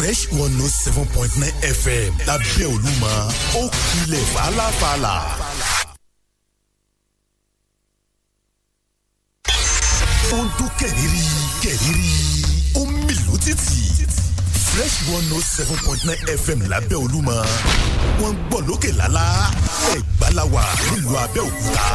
fresh one note oh seven point nine fm lábẹ́ olúmọ ó kilẹ̀ fàlàfàlà. ó ń dún kẹ̀rìírí kẹ̀rìírí ó ń mìlú títì fresh one note oh seven point nine fm lábẹ́ olúmọ wọ́n ń gbọ́ lókè lálá ẹ̀gbá la wà nílùú abẹ́òkúta.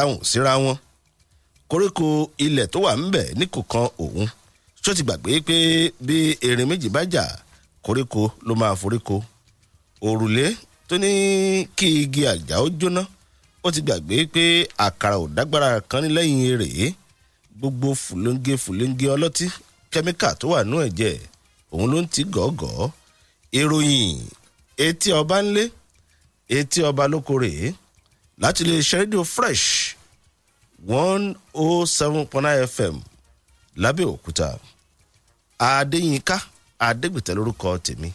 táwọn síra wọn koríko ilẹ̀ tó wà ńbẹ̀ ní kò kan òun ṣó ti gbàgbé pé bí erin méjì bá jà koríko ló máa foríko òrùlé tó ní kí igi àjà ó jóná ó ti gbàgbé pé àkàrà ò dágbára kan ní lẹ́yìn rèé gbogbo fùlóńgé fùlóńgé ọlọ́tí kẹ́míkà tó wà nú ẹ̀jẹ̀ òun ló ń ti gọ̀ọ́gọ̀ọ́ ìròyìn etí ọba ńlé etí ọba lóko rèé láti lè ṣe rédíò fresh one oh seven point nine fm lábẹ́òkúta adéyínká adégbètè lórúkọ tèmi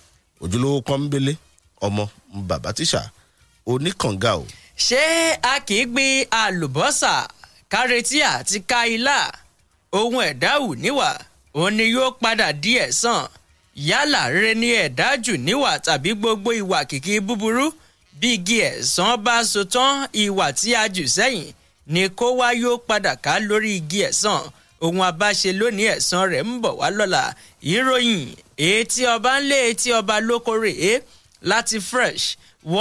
ojúlówó pọ́nbélé ọmọ bàbá tíṣà oníkànga o. ṣé a kì í gbin àlùbọ́sà kárẹ́tì àti ká ilá ohun ẹ̀dá wù níwà òun ni yóò padà di ẹ̀san yálà rere ni ẹ̀dá níwà tàbí gbogbo ìwà kìkì búburú bí igi ẹ̀sán bá so tán ìwà tí a jù sẹ́yìn ni kó wá yóò padà ká lórí igi ẹ̀sán ohun abáṣe lónìí ẹ̀sán rẹ̀ ń bọ̀ wá lọ́la ìròyìn etí ọba ń lé etí ọba lókòrè láti fresh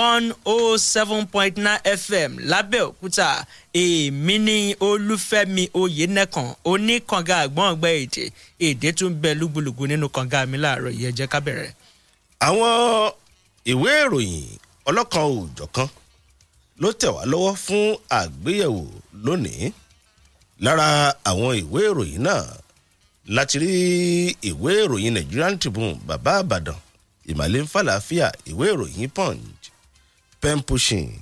one oh seven point nine fm lábẹ́òkúta èmi ní olúfẹ́mi oyènẹ́kan oníkànga àgbọ̀ngbẹ èdè èdè tún bẹ lúgbúlùgbú nínú kànga mi láàárọ̀ yìí ẹ jẹ́ ká bẹ̀rẹ̀. àwọn ìwé ìròyìn ọlọ́kan òòjọ̀kan ló tẹ̀ wá lọ́wọ́ fún àgbéyẹ̀wò lónìí lára àwọn ìwé ìròyìn náà láti rí ìwé ìròyìn Nigerian Tribune bàbá àbàdàn ìmàlẹ́ ń fàlàáfíà ìwé ìròyìn Punch pen pushing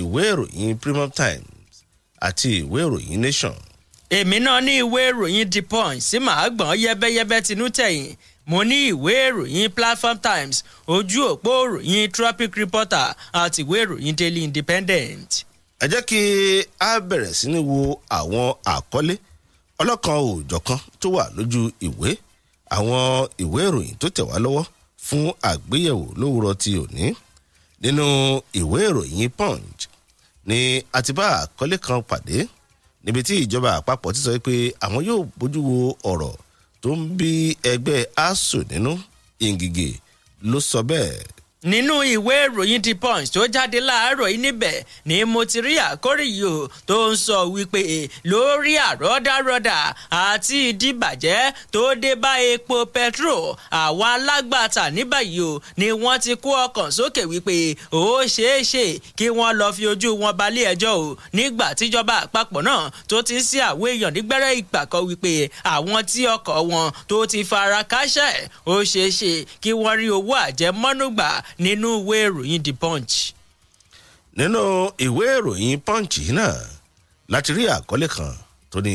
ìwé ìròyìn Premium Times àti ìwé ìròyìn Nation. èmi náà ní ìwé ìròyìn The Punch sí màá gbọ́n yẹ́bẹ́yẹ́bẹ́ tinú tẹ̀yìn mo ní ìwé ìròyìn platform times ojú òpó ìròyìn tropic reporter àti ìwé ìròyìn daily independent. ẹ jẹ́ kí a bẹ̀rẹ̀ sí ní wo àwọn àkọlé ọlọ́kan òòjọ̀kan tó wà lójú ìwé àwọn ìwé ìròyìn tó tẹ̀ wá lọ́wọ́ fún àgbéyẹ̀wò lówùrọ̀ ti òní nínú ìwé ìròyìn punch ni a ti bá àkọlé kan pàdé níbi tí ìjọba àpapọ̀ ti sọ pé àwọn yóò bójú wo ọ̀rọ̀ tó ń bí ẹgbẹ́ asuu nínú Ngige ló sọ bẹ́ẹ̀ nínú ìwé ìròyìn The Punch tó jáde láàárọ̀ yìí níbẹ̀ ni mo ti rí àkóríyò tó ń sọ wípé lórí àrọ́dárọ́dà àti ìdíbàjẹ́ tó dé bá epo petrol àwọn alágbàtà ní báyìí o ni wọ́n ti kó ọkàn sókè wípé ó ṣeé ṣe kí wọ́n lọ fi ojú wọn balẹ̀ ẹjọ́ o nígbà tíjọba àpapọ̀ náà tó ti ń sí àwọn èèyàn nígbẹ́rẹ́ ìgbàkọ́ wípé àwọn tí ọkọ̀ wọn tó ti fara káṣẹ̀ ó ṣeé ṣe kí wọ́n rí owó àjẹmọ́nú nínú ìwé ìròyìn the punch. nínú ìwé ìròyìn punch náà láti rí àkọlé kan tó ní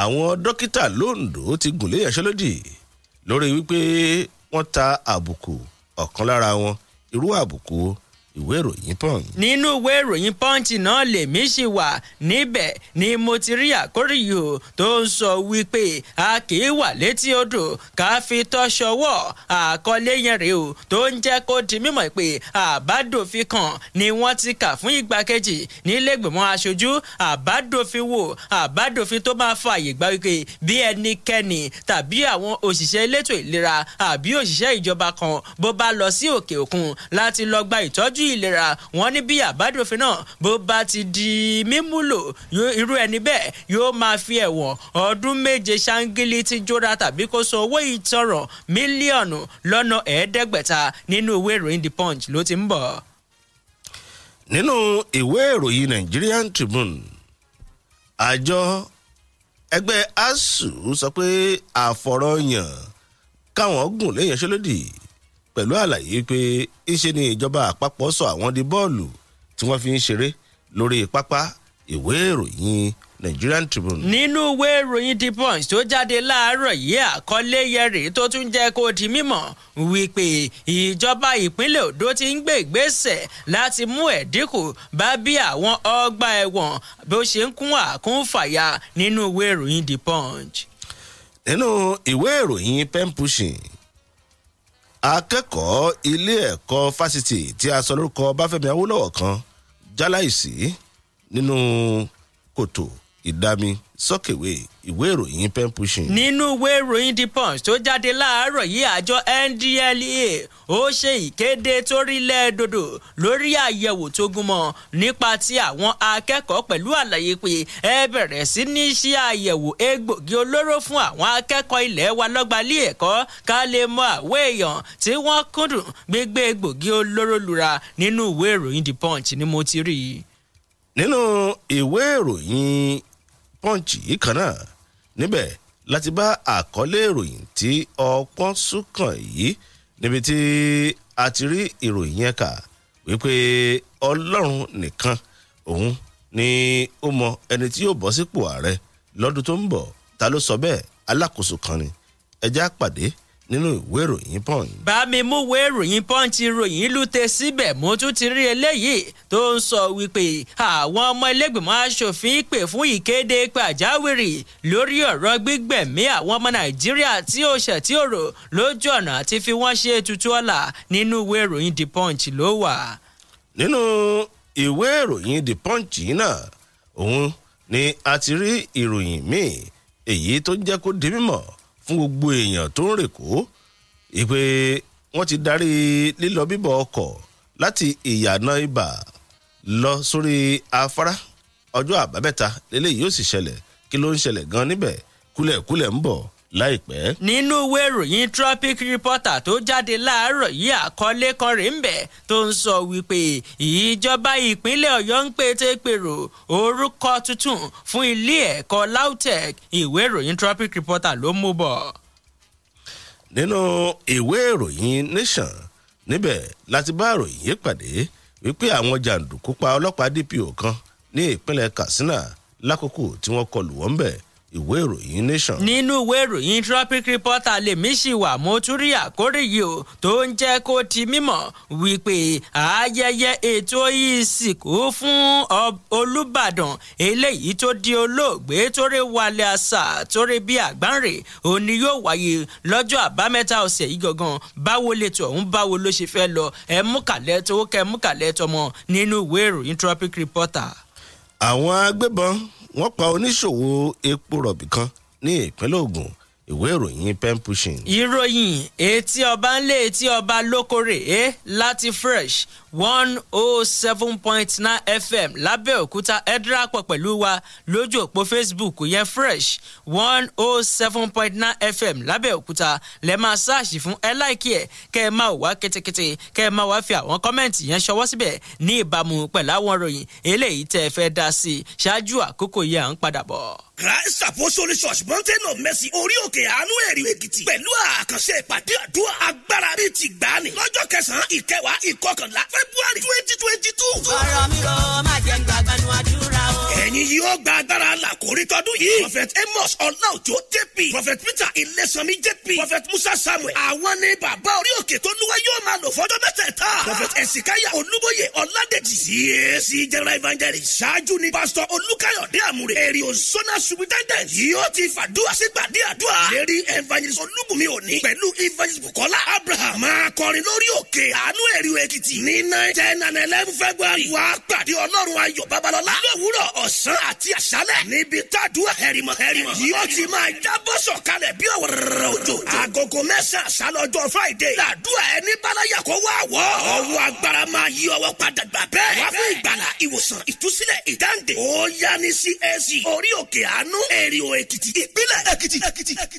àwọn dókítà londo ti gùnlé ẹ̀ṣọ́ lódì lórí wípé wọ́n ta àbùkù ọ̀kan lára wọn irú àbùkù ìwé ìròyìn punch. nínú ìwé ìròyìn punch náà lèmi ṣì wà níbẹ̀ ni mo ti rí àkóríyò tó ń sọ wípé a kì í wà létí odò ká fi tọ́ ṣọwọ́ àkọlé yẹn rèé o tó ń jẹ́ kó di mímọ̀ pé àbádòfin kan ni wọ́n ti kà fún ìgbà kejì nílẹ̀gbìmọ̀ aṣojú àbádòfin wò àbádòfin tó máa fààyè gbà wípé bí ẹnikẹ́ni tàbí àwọn òṣìṣẹ́ elétò ìlera àbí òṣìṣẹ́ ìjọba kan bó bá lọ sí òkè òkun láti lọ gba ìtọ́jú ètò ìlera wọn ní bí àbádòfin náà bó bá ti di mímúlò irú ẹni bẹ́ẹ̀ yóò máa fi ẹ̀wọ̀n ọdún méje ṣáńgílì ti jóra tàbí kó san owó ìtanràn mílíọ̀nù lọ́nà ẹ̀ẹ́dẹ́gbẹ̀ta nínú ìwé ìròyìn the punch ló ti ń bọ̀. nínú ìwé ìròyìn Nigerian Tribune àjọ ẹgbẹ́ asuu sọ pé àfọ̀rọ̀yàn káwọn gùn léèyàn ṣe lódì pẹ̀lú àlàyé pé ìṣe ni ìjọba àpapọ̀ sọ àwọn di bọ́ọ̀lù tí wọ́n fi ń ṣeré lórí pápá ìwé ìròyìn Nigerian Tribune. nínú ìwé ìròyìn The Punch tó jáde láàárọ̀ yìí àkọlé yẹrìí tó tún jẹ́ kó di mímọ̀ wípé ìjọba ìpínlẹ̀ Ondo ti ń gbé ìgbésẹ̀ láti mú ẹ̀dínkù bá bí àwọn ọgbà ẹ̀wọ̀n bó ṣe ń kún àkúnfàyà nínú ìwé ìròyìn The Punch. nínú ìwé ìròyìn pen pushing akẹ́kọ̀ọ́ ilé ẹ̀kọ́ fásitì tí a sọ lórúkọ báfẹ́mi awólọ́wọ̀ kan jáláìsí nínú kòtò ìdámi sọ́kèwé ìwé ìròyìn pen pushing. nínú ìwé ìròyìn the punch tó jáde láàárọ̀ yìí àjọ ndlea ó ṣe ìkéde tó rí lẹ́ẹ̀dọ̀dọ̀ lórí àyẹ̀wò tó gúnmọ́ nípa ti àwọn akẹ́kọ̀ọ́ pẹ̀lú àlàyé pé ẹ bẹ̀rẹ̀ sí ní ṣe àyẹ̀wò egbògi olóró fún àwọn akẹ́kọ̀ọ́ ilẹ̀ wa lọ́gbàlí ẹ̀kọ́ ká lè mọ àwọ̀ èèyàn tí wọ́n kúndùn gbégbé egbògi olóró lura nínú ìwé ìròyìn the punch ni mo ti rí. nínú ìwé ìròyìn punch yìí kan náà níbẹ̀ láti bá àkọlé ìròyìn tí ọpọ́n súnkàn yìí níbi tí a ti rí ìròyìn yẹn kà wípé ọlọ́run nìkan òun ni ó mọ ẹni tí yóò bọ́ sípò ààrẹ lọ́dún tó ń bọ̀ ta ló sọ bẹ́ẹ̀ alákòóso kan ni ẹjẹ́ àpàdé nínú ìwé ìròyìn punch. bá mi mú ìwé ìròyìn punch ìròyìn lùtẹ̀ síbẹ̀ mo tún ti rí eléyìí tó ń sọ wípé àwọn ọmọ ẹlẹ́gbẹ̀mọ aṣòfin pè fún ìkéde pàjáwìrì lórí ọ̀rọ̀ gbígbẹ̀mí àwọn ọmọ nàìjíríà tí ó ṣẹ̀ tí ó rò lójú ọ̀nà àti fi wọ́n ṣe tutù ọ̀la nínú ìwé ìròyìn the punch ló wà. nínú ìwé ìròyìn the punch náà òun ni a ti rí ìròyìn míì èyí tó jẹ́ kó di fún gbogbo èèyàn tó ń rèkó ìpè wọ́n ti darí lílọ bíbọ̀ ọkọ̀ láti ìyànà ibà lọ sórí afárá ọjọ́ àbámẹ́ta eléyìí yóò sì ṣẹlẹ̀ kí ló ń ṣẹlẹ̀ gan níbẹ̀ kúlẹ̀kúlẹ̀ ń bọ̀ láìpẹ́. nínú ìwé ìròyìn tropic reporter tó jáde láàárọ̀ yìí àkọlé kan rèé ń bẹ̀ tó ń sọ wípé ìjọba ìpínlẹ̀ ọ̀yọ́ ń pété pèrò orúkọ tuntun fún ilé ẹ̀kọ́ lautech ìwé ìròyìn tropic reporter ló mú bọ̀. nínú ìwé ìròyìn nation níbẹ̀ láti bá ìròyìn yìí pàdé wípé àwọn jàǹdùkú pa ọlọ́pàá dpo kan ní ìpínlẹ̀ katsina lákòókò tí wọ́n kọlù wọ́n bẹ̀ẹ́ ìwé ìròyìn nation. nínú ìwé ìròyìn tropic reporter lèmi ṣì wà mo tún rí àkórí yìí o tó ń jẹ́ kó ti mímọ̀ wípé ayẹyẹ ètò ìsìnkú fún olùbàdàn eléyìí tó di olóògbé torí wálé àṣà torí bí àgbáǹrè òní yóò wáyé lọ́jọ́ àbámẹ́ta ọ̀sẹ̀ yìí gangan báwo lètò ọ̀hún báwo ló ṣe fẹ́ lọ ẹ mú kàlẹ́ tó kẹ mú kàlẹ́ tọmọ nínú ìwé ìròyìn tropic reporter. àwọn agbébọn wọ́n pa oníṣòwò epo rọ̀bì kan ní ìpínlẹ̀ Ògùn ìwé ìròyìn pen pushing. ìròyìn etí ọba ń lé etí ọba lókòrè e láti fresh one oh seven point nine fm lábẹ́òkúta ẹ dárapọ̀ pẹ̀lú wa lójú òpó facebook yẹn fresh one oh seven point nine fm lábẹ́òkúta lẹ́ máa ṣáàṣì fún ẹ láìkí ẹ̀ kẹ́ ẹ máa wá ketekete kẹ́ ẹ máa wá fi àwọn kọ́mẹ̀ntì yẹn ṣọwọ́ síbẹ̀ ní ìbámu pẹ̀lú àwọn ròyìn eléyìí tẹ́ ẹ fẹ́ dá sí i ṣáájú àkókò yẹn à ń padà bọ̀. christ apostolic church mountain of mercy orí òkè àánú èrè èkìtì pẹ̀lú àkànṣe ìpàdé àdúrà agbára bíi ti gbàánì lọ́jọ́ kẹsàn-án ìkẹwàá ìkọkànlá february twenty twenty two. ọ̀rọ̀ mi rọ má jẹ́ gbàgbọ́n àdúrà o. ẹ̀yin yóò gba agbára làkórí tọdún yìí. prophet amos ọláòjó jp prophet peter ilẹ̀sánmi jp prophet musa samuel àwọn ni bàbá orí òkè tó lúwa yóò máa lò fọ́jọ́ mẹ́tẹ̀ẹ̀ta. prophet ẹ̀sìkáyà olúbóyè ọ̀ládẹ́jì cac general evangelist ṣáájú ni pastor olúkáyọ̀dé àmúre èrè òṣónà superintendent yóò ti fàdúrà sígbàdí àdúrà ìlérí evangelist olúbùnmi òní pẹ̀lú evangelist bukola abraham máa kọrin lórí òkè àánú ẹ̀ríwò èkìtì ní nine ten and eleven february wàá pàdé ọlọ́run ayọ̀ babalọ́lá lówùúrọ̀ ọ̀sán àti àṣálẹ̀ níbi tádùá hẹ̀rìmọ̀ hẹ̀rìmọ̀ yóò ti máa jábọ́ sọ̀kalẹ̀ bí ọ̀rọ̀ òjò agogo mẹ́sàn-án àṣálọ́jọ́ friday làdúrà ẹni bálayà kó wá wọ̀ ọwọ́ agbára máa yí ọwọ́ padà gbà bẹ́ẹ̀ wá fún ìgbàlà ìwòsàn ìtúsílẹ̀ ìdáǹdè ó yá ní cac orí òkè àánú ẹ̀ríwò èkìtì ìpínlẹ̀ èkìtì èkìtì A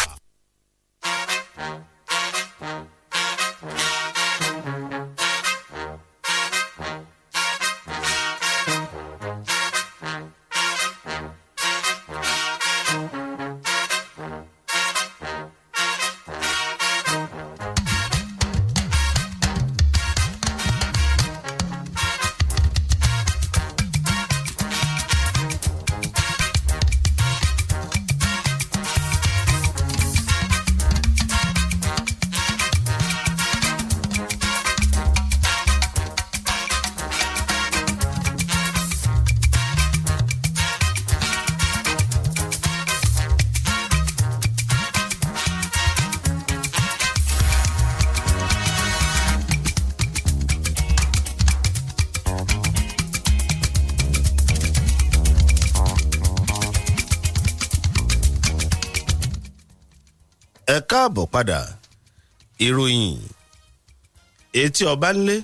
etí ọba ńlé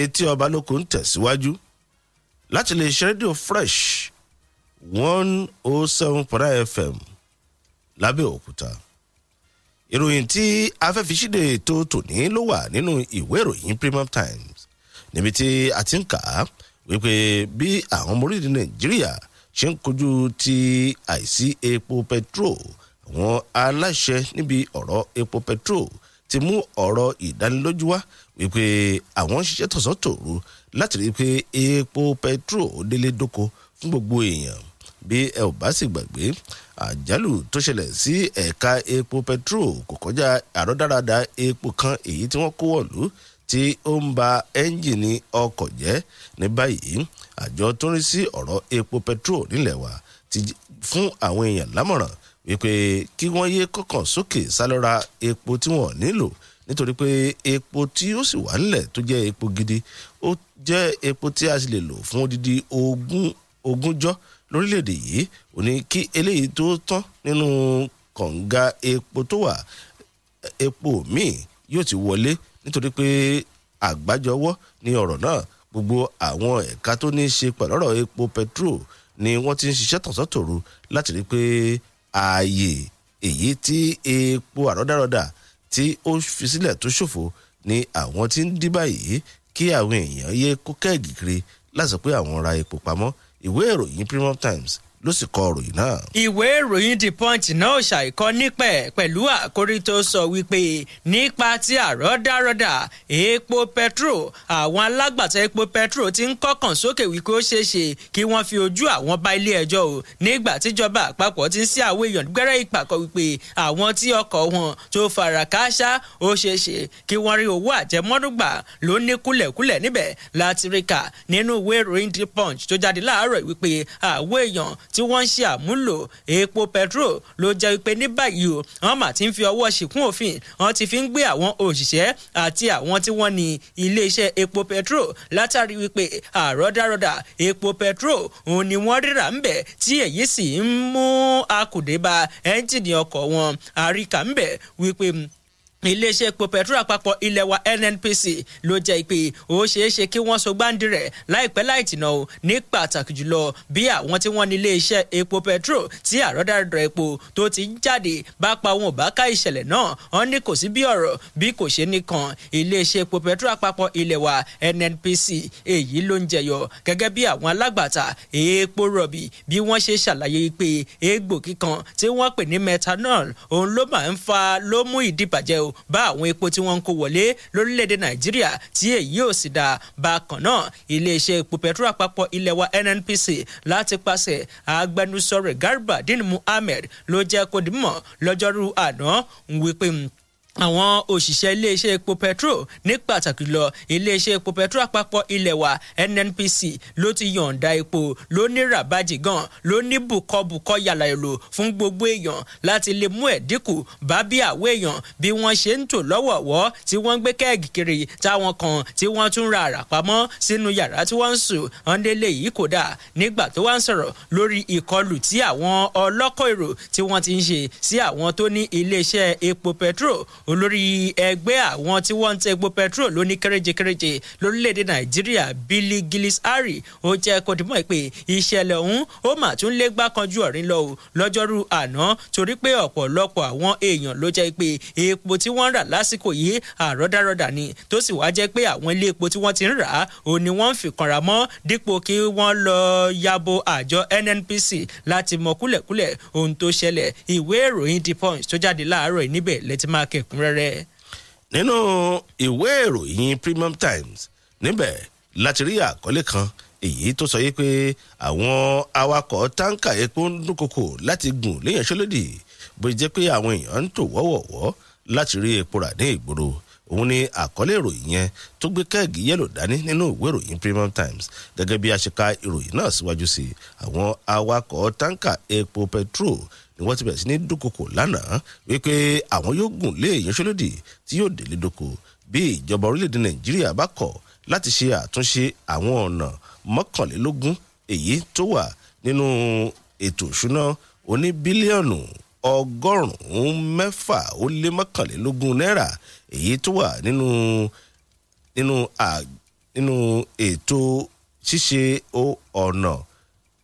etí ọba lóko ń tẹ̀síwájú láti lè ṣe rédíò fresh one oh seven point nine fm lábẹ́òkúta ìròyìn tí afẹ́fisíde tó tòní ló wà nínú ìwé ìròyìn premium times níbi tí a ti ń kà á wípé bí àwọn ọmọ orílẹ̀ nàìjíríà ṣe ń kojú ti àìsí epo petro àwọn aláṣẹ níbi ọ̀rọ̀ epo petro ti mú ọ̀rọ̀ ìdánilójú wá wípé àwọn ń ṣiṣẹ́ tọ̀sán tòru láti rí i pé epo petro délé dóko fún gbogbo èèyàn bí ẹ ò bá sì gbàgbé àjálù tó ṣẹlẹ̀ sí ẹ̀ka epo petro kò kọjá àrọ́dáradà epo kan èyí tí wọ́n kó wọ̀lú tí ó ń ba ẹ́ńjìnì ọkọ̀ jẹ́ ní báyìí àjọ tó ń rí sí ọ̀rọ̀ epo petro nílẹ̀ wa ti fún àwọn èèyàn lámọ̀ràn wípé kí wọ́n yé kọ̀kan sókè sálọ́ra epo tí wọ́n nílò nítorí pé epo tí ó sì wà nílẹ̀ tó jẹ́ epo gidi ó jẹ́ epo tí a sì lè lò fún odidi ogún ogúnjọ́ lórílẹ̀‐èdè yìí ó ní kí eléyìí tó tán nínú kànga epo tó wà epo míì yóò ti wọlé nítorí pé àgbájọwọ́ ni ọ̀rọ̀ náà gbogbo àwọn ẹ̀ka tó ní í ṣe pẹ̀lú epo petro ni wọ́n ti ń ṣiṣẹ́ tọ̀sán tòru láti rí i pé ààyè èyí tí epo àrọ́dàrọ́dà tí ó fi sílẹ̀ tó ṣòfò ni àwọn tí ń dí báyìí kí àwọn èèyàn yéé kó kẹ́ẹ̀gì kiri láti sọ pé àwọn ra epo pamọ́ ìwé ìròyìn Premium Times ló sì kọ ìròyìn náà. ìwé ìròyìn the punch náà ṣàìkọ nípẹ̀ pẹ̀lú àkórí tó sọ wípé nípa ti àrọ́dárọ́dà epo petro àwọn alágbàtà epo petro ti ń kọ́kàn sókè wípé ó ṣeé ṣe kí wọ́n fi ojú àwọn bá ilé ẹjọ́ o nígbà tíjọba àpapọ̀ ti ń sí àwọn èèyàn gbẹ́rẹ́ ìpàkọ́ wípé àwọn tí ọkọ̀ wọn tó fara kááṣá ó ṣeé ṣe kí wọ́n rí owó àjẹmọ́dúgba ló ní kúlẹ̀kúlẹ̀ níbẹ̀ láti ríkà tí wọ́n ń ṣe àmúlò epo petrol ló jẹ́ pé ní báyìí o wọ́n mà ti ń fi ọwọ́ ṣìkún òfin wọ́n ti fi ń gbé àwọn òṣìṣẹ́ àti àwọn tí wọ́n ní iléeṣẹ́ epo petrol látàrí wípé àrọ́dárọ́dà epo petrol òun ni wọ́n rírà ń bẹ̀ tí èyí sì ń mú akùdé ba ẹ́ńjìnì ọkọ̀ wọn àríkà ń bẹ̀ wípé iléeṣẹ́ epo petro àpapọ̀ ilẹ̀ wa nnpc ló jẹ́ pé ó ṣeé ṣe kí wọ́n so gbáǹdì rẹ̀ láìpẹ́ láì tìǹà o ní pàtàkì jùlọ bí àwọn tí wọ́n ní iléeṣẹ́ epo petro tí àrọ́dàrọ́dọ̀ epo tó ti ń jáde bá pa wọn ò bá ká ìṣẹ̀lẹ̀ náà wọ́n ní kò sí bí ọ̀rọ̀ bí kò ṣe nìkan iléeṣẹ́ epo petro àpapọ̀ ilẹ̀ wa nnpc èyí ló ń jẹyọ gẹ́gẹ́ bí àwọn alágbàtà epo rọ̀bì bí wọ́n ṣe ṣàlàyé pé egbò kíkan tí wọ́n pè ní bá àwọn epo tí wọ́n ń kó wọlé lórílẹ̀‐èdè nàìjíríà tí èyí ò sì dáa bákan náà iléeṣẹ́ epo petro àpapọ̀ ilẹ̀ wa nnpc láti pàṣẹ agbẹnusọ rẹ̀ garba din muhammed ló jẹ́ kó dìmọ̀ lọ́jọ́rú àná wípé hmm, àwọn òṣìṣẹ́ iléeṣẹ́ epo petro ní pàtàkì lọ iléeṣẹ́ epo petro àpapọ̀ ilẹ̀ wa nnpc ló ti yọ̀ǹda epo ló ní rabaji gan ló ní bùkọ́bùkọ́ yàrá èlò fún gbogbo èèyàn láti lè mú ẹ̀dínkù bá bí àwọ̀ èèyàn bí wọ́n ṣe ń tò lọ́wọ̀ọ̀wọ́ tí wọ́n ń gbé kẹ́ẹ̀gì kiri táwọn kan tí wọ́n tún ra àrà pamọ́ sínú yàrá tí wọ́n ń sùn ọ̀ndélé yìí kò dáa nígbà tó olórí ẹgbẹ́ àwọn tí wọ́n ń tẹ epo petrol ló ní kéréje-kéréje lórílẹ̀‐èdè nàìjíríà billy gillis harry ó jẹ́ kó dìmọ̀ pé ìṣẹ̀lẹ̀ ọ̀hún ó mà tún lé gbákanjú ọ̀rìn lọ o lọ́jọ́rú àná torí pé ọ̀pọ̀lọpọ̀ àwọn èèyàn ló jẹ́ pé epo tí wọ́n ń rà lásìkò yìí àrọ́dárọ́dà ni tó sì wá jẹ́ pé àwọn ilé epo tí wọ́n ti ń rà á ò ní wọ́n ń fi kanra mọ́ dípò kí wọ́n lọ yabo àjọ nnpc láti mọ kúlẹ̀kúlẹ̀ ohun tó ṣẹlẹ̀ ìwé ìròyìn the punch tó jáde láàárọ̀ níbẹ̀ lẹ́tí máa kẹ̀kún lẹ́kùnrẹ́rẹ́. nínú ìwé ìròyìn premium times níbẹ̀ láti rí àkọlé kan èyí tó sọ yìí pé àwọn awakọ̀ táǹkà epo ń dúnkokò láti gùn léyìn ṣọlódì bó jẹ́ pé àwọn èèyàn ń tò wọ́wọ́wọ́ láti rí epo rà ní ìgboro òun ni àkọlé ìròyìn yẹn tó gbé kẹ́ẹ̀gì yẹ́lò dání nínú ìwé ìròyìn premium times gẹ́gẹ́ bí a ṣe ka ìròyìn náà síwájú sí àwọn awakọ̀ táǹkà epo petrol ni wọ́n ti bẹ̀rẹ̀ sí ní dúnkokò lánàá wípé àwọn yóò gùn lé ìyanṣẹ́lódì tí yóò délé doko bí ìjọba orílẹ̀-èdè nàìjíríà bá kọ̀ láti ṣe àtúnṣe àwọn ọ̀nà mọ́kànlélógún èyí tó wà nínú ètò ìṣúná oní bílíọ̀nù ọgọ́rùn-ún mẹ́fà ó lé mọ́kànlélógún náírà èyí tó wà nínú ètò ṣíṣe ọ̀nà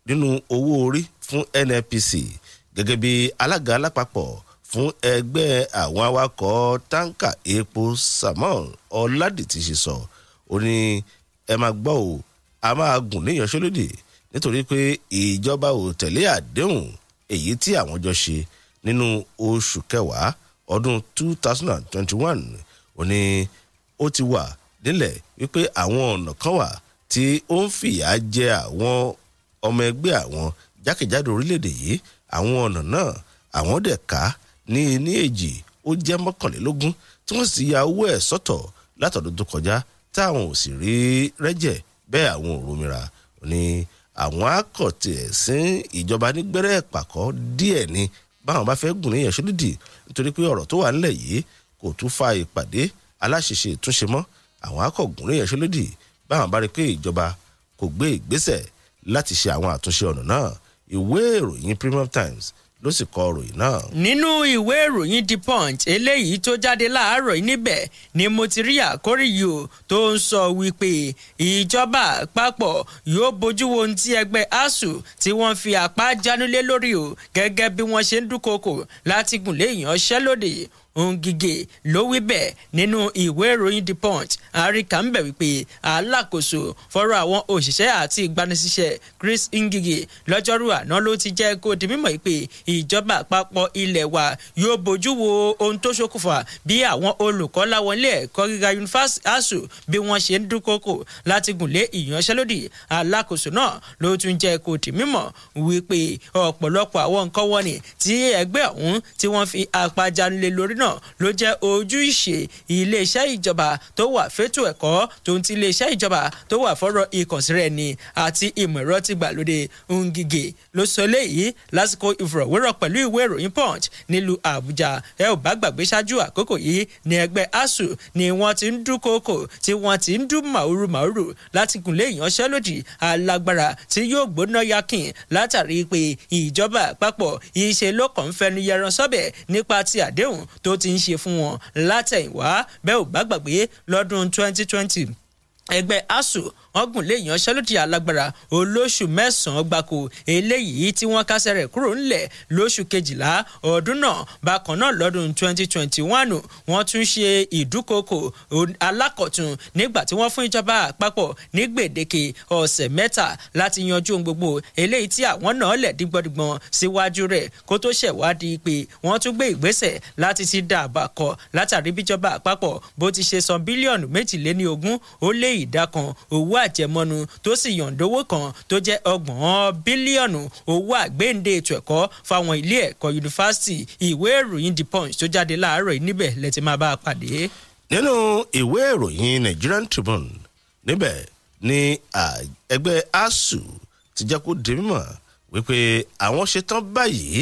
nínú owó orí fún nnpc gẹ́gẹ́ bí alága alápapọ̀ fún ẹgbẹ́ àwọn awakọ̀ táǹkà epo samuel ọ̀làdìtì ṣe sọ ó ní ẹ máa gbọ́ ò a máa gùn ní ìyanṣẹ́lódì nítorí pé ìjọba ò tẹ̀lé àdéhùn èyí tí àwọn jọ ṣe nínú oṣù kẹwàá ọdún 2021 ó ní ó ti wà nílẹ̀ wípé àwọn ọ̀nà kan wà tí ó ń fìyà jẹ àwọn ọmọ ẹgbẹ́ àwọn jákèjádò orílẹ̀-èdè yìí àwọn ọ̀nà náà àwọn dẹ̀ ká ní ní èjì ó jẹ́ mọ́kànlélógún tí wọ́n sì ya owó ẹ̀ sọ́tọ̀ látọ̀dún tó kọjá táwọn ò sì rí rẹ́jẹ̀ bẹ́ẹ̀ àwọn ò romira ni àwọn akọ̀tì ẹ̀sìn ìjọba nígbẹ́rẹ́ pàkọ́ díẹ̀ ni báwọn bá fẹ́ gùn níyẹn ṣódìdì nítorí pé ọ̀rọ̀ tó wà ńlẹ̀ yìí kò tún fa ìpàdé aláṣẹṣe ìtúnṣe mọ́ àwọn akọ̀gùn níyẹn ṣódìdì báwọn bá rí pé ìjọba kò gbé ìgbésẹ̀ láti ṣe àwọn àtúnṣe ọ̀nà náà ìwé ìròyìn Premium Times ló sì kọ ròyìn náà. nínú ìwé ìròyìn the punch eléyìí tó jáde láàárọ̀ níbẹ̀ ni mo ti rí àkórí yìí o tó ń sọ wípé ìjọba àpapọ̀ yóò bójú wo ohun tí ẹgbẹ́ asuu tí wọ́n fi àpá jánulé lórí o gẹ́gẹ́ bí wọ́n ṣe ń dúnkokò láti gùn lé ìyanṣẹ́lódì Ngige ló wí bẹ́ẹ̀ nínú ìwé ìròyìn The Punch àríkà ń bẹ̀ wípé alákòóso fọ́rọ̀ àwọn òṣìṣẹ́ àti ìgbanisíṣẹ́ Chris Ngige lọ́jọ́rú àná ló ti jẹ́ kó di mímọ̀ pé ìjọba àpapọ̀ ilẹ̀ wa yóò bójú wo ohun tó ṣokùnfà bí àwọn olùkọ́ láwọn ilé ẹ̀kọ́ gíga yunifásitì ASUU bí wọ́n ṣe ń dúnkòkò láti gùn lé ìyanṣẹ́lódì alákòóso náà ló tún jẹ́ kó di mímọ̀ wípé ọ̀pọ̀lọpọ̀ àwọn nǹkan wọ́n ni tí ẹgbẹ́ ọ̀hún tí wọ́n náà ló jẹ́ ojú ìṣe iléeṣẹ́ ìjọba tó wà fétò ẹ̀kọ́ tó ń ti iléeṣẹ́ ìjọba tó wà fọ́rọ̀ ìkànsílẹ̀ ni àti ìmọ̀ ti gbàlódé Ngige ló sọ léyìí lásìkò ìfọ̀rọ̀wérọ̀ pẹ̀lú ìwé ìròyìn Punch nílùú Àbújá ẹ ò bá gbàgbé ṣáájú àkókò yìí ní ẹgbẹ́ ASUU ni wọ́n ti ń dúnkòkò tí wọ́n ti ń dún màúrù màúrù láti gùnlé ìyanṣẹ́lódì alágbára tí yóò gbóná yakin látàrí pé ìjọba àpapọ̀ ìṣe ló kàn ń fẹnu yẹran sọ́bẹ̀ nípa ti àdéhùn tó ti ń ṣe fún wọn látẹ̀yìnwá bẹ́ẹ̀ ò bá gbàgbé lọ́dún 2020 ẹgbẹ́ asuu wọ́n gùn lé ìyanṣẹ́lódì alágbára olóṣù mẹ́sàn-án gbáko eléyìí tí wọ́n kásẹ̀ rẹ̀ kúrò ńlẹ̀ lóṣù kejìlá ọdún náà bákan náà lọ́dún twenty twenty one wọ́n tún ṣe ìdúkokò alákọ̀tun nígbà tí wọ́n fún ìjọba àpapọ̀ ní gbèdéke ọ̀sẹ̀ mẹ́ta láti yanjú ohun gbogbo eléyìí tí àwọn náà lẹ̀ dígbọ́dígbọ́n síwájú rẹ̀ kó tó ṣẹ̀wádìí pé wọ́n tún gbé ìgbésẹ̀ láti ti dá àbá kọ látàrí bíjọba àpapọ̀ bó ti ṣe san bílíọ̀nù méjìléní ogún ó lé ìdá kan owó à àjẹmọ́nu tó sì yọ̀ǹda owó kan tó jẹ́ ọgbọ̀n bílíọ̀nù owó àgbéǹde ètò ẹ̀kọ́ fáwọn ilé ẹ̀kọ́ yunifásitì ìwé ìròyìn the punch tó jáde láàárọ̀ yìí níbẹ̀ lẹ ti máa bá a pàdé. nínú ìwé ìròyìn Nigerian Tribune níbẹ̀ ni ẹgbẹ́ asuu ti jẹ́ kó di mímọ̀ wípé àwọn ṣetán báyìí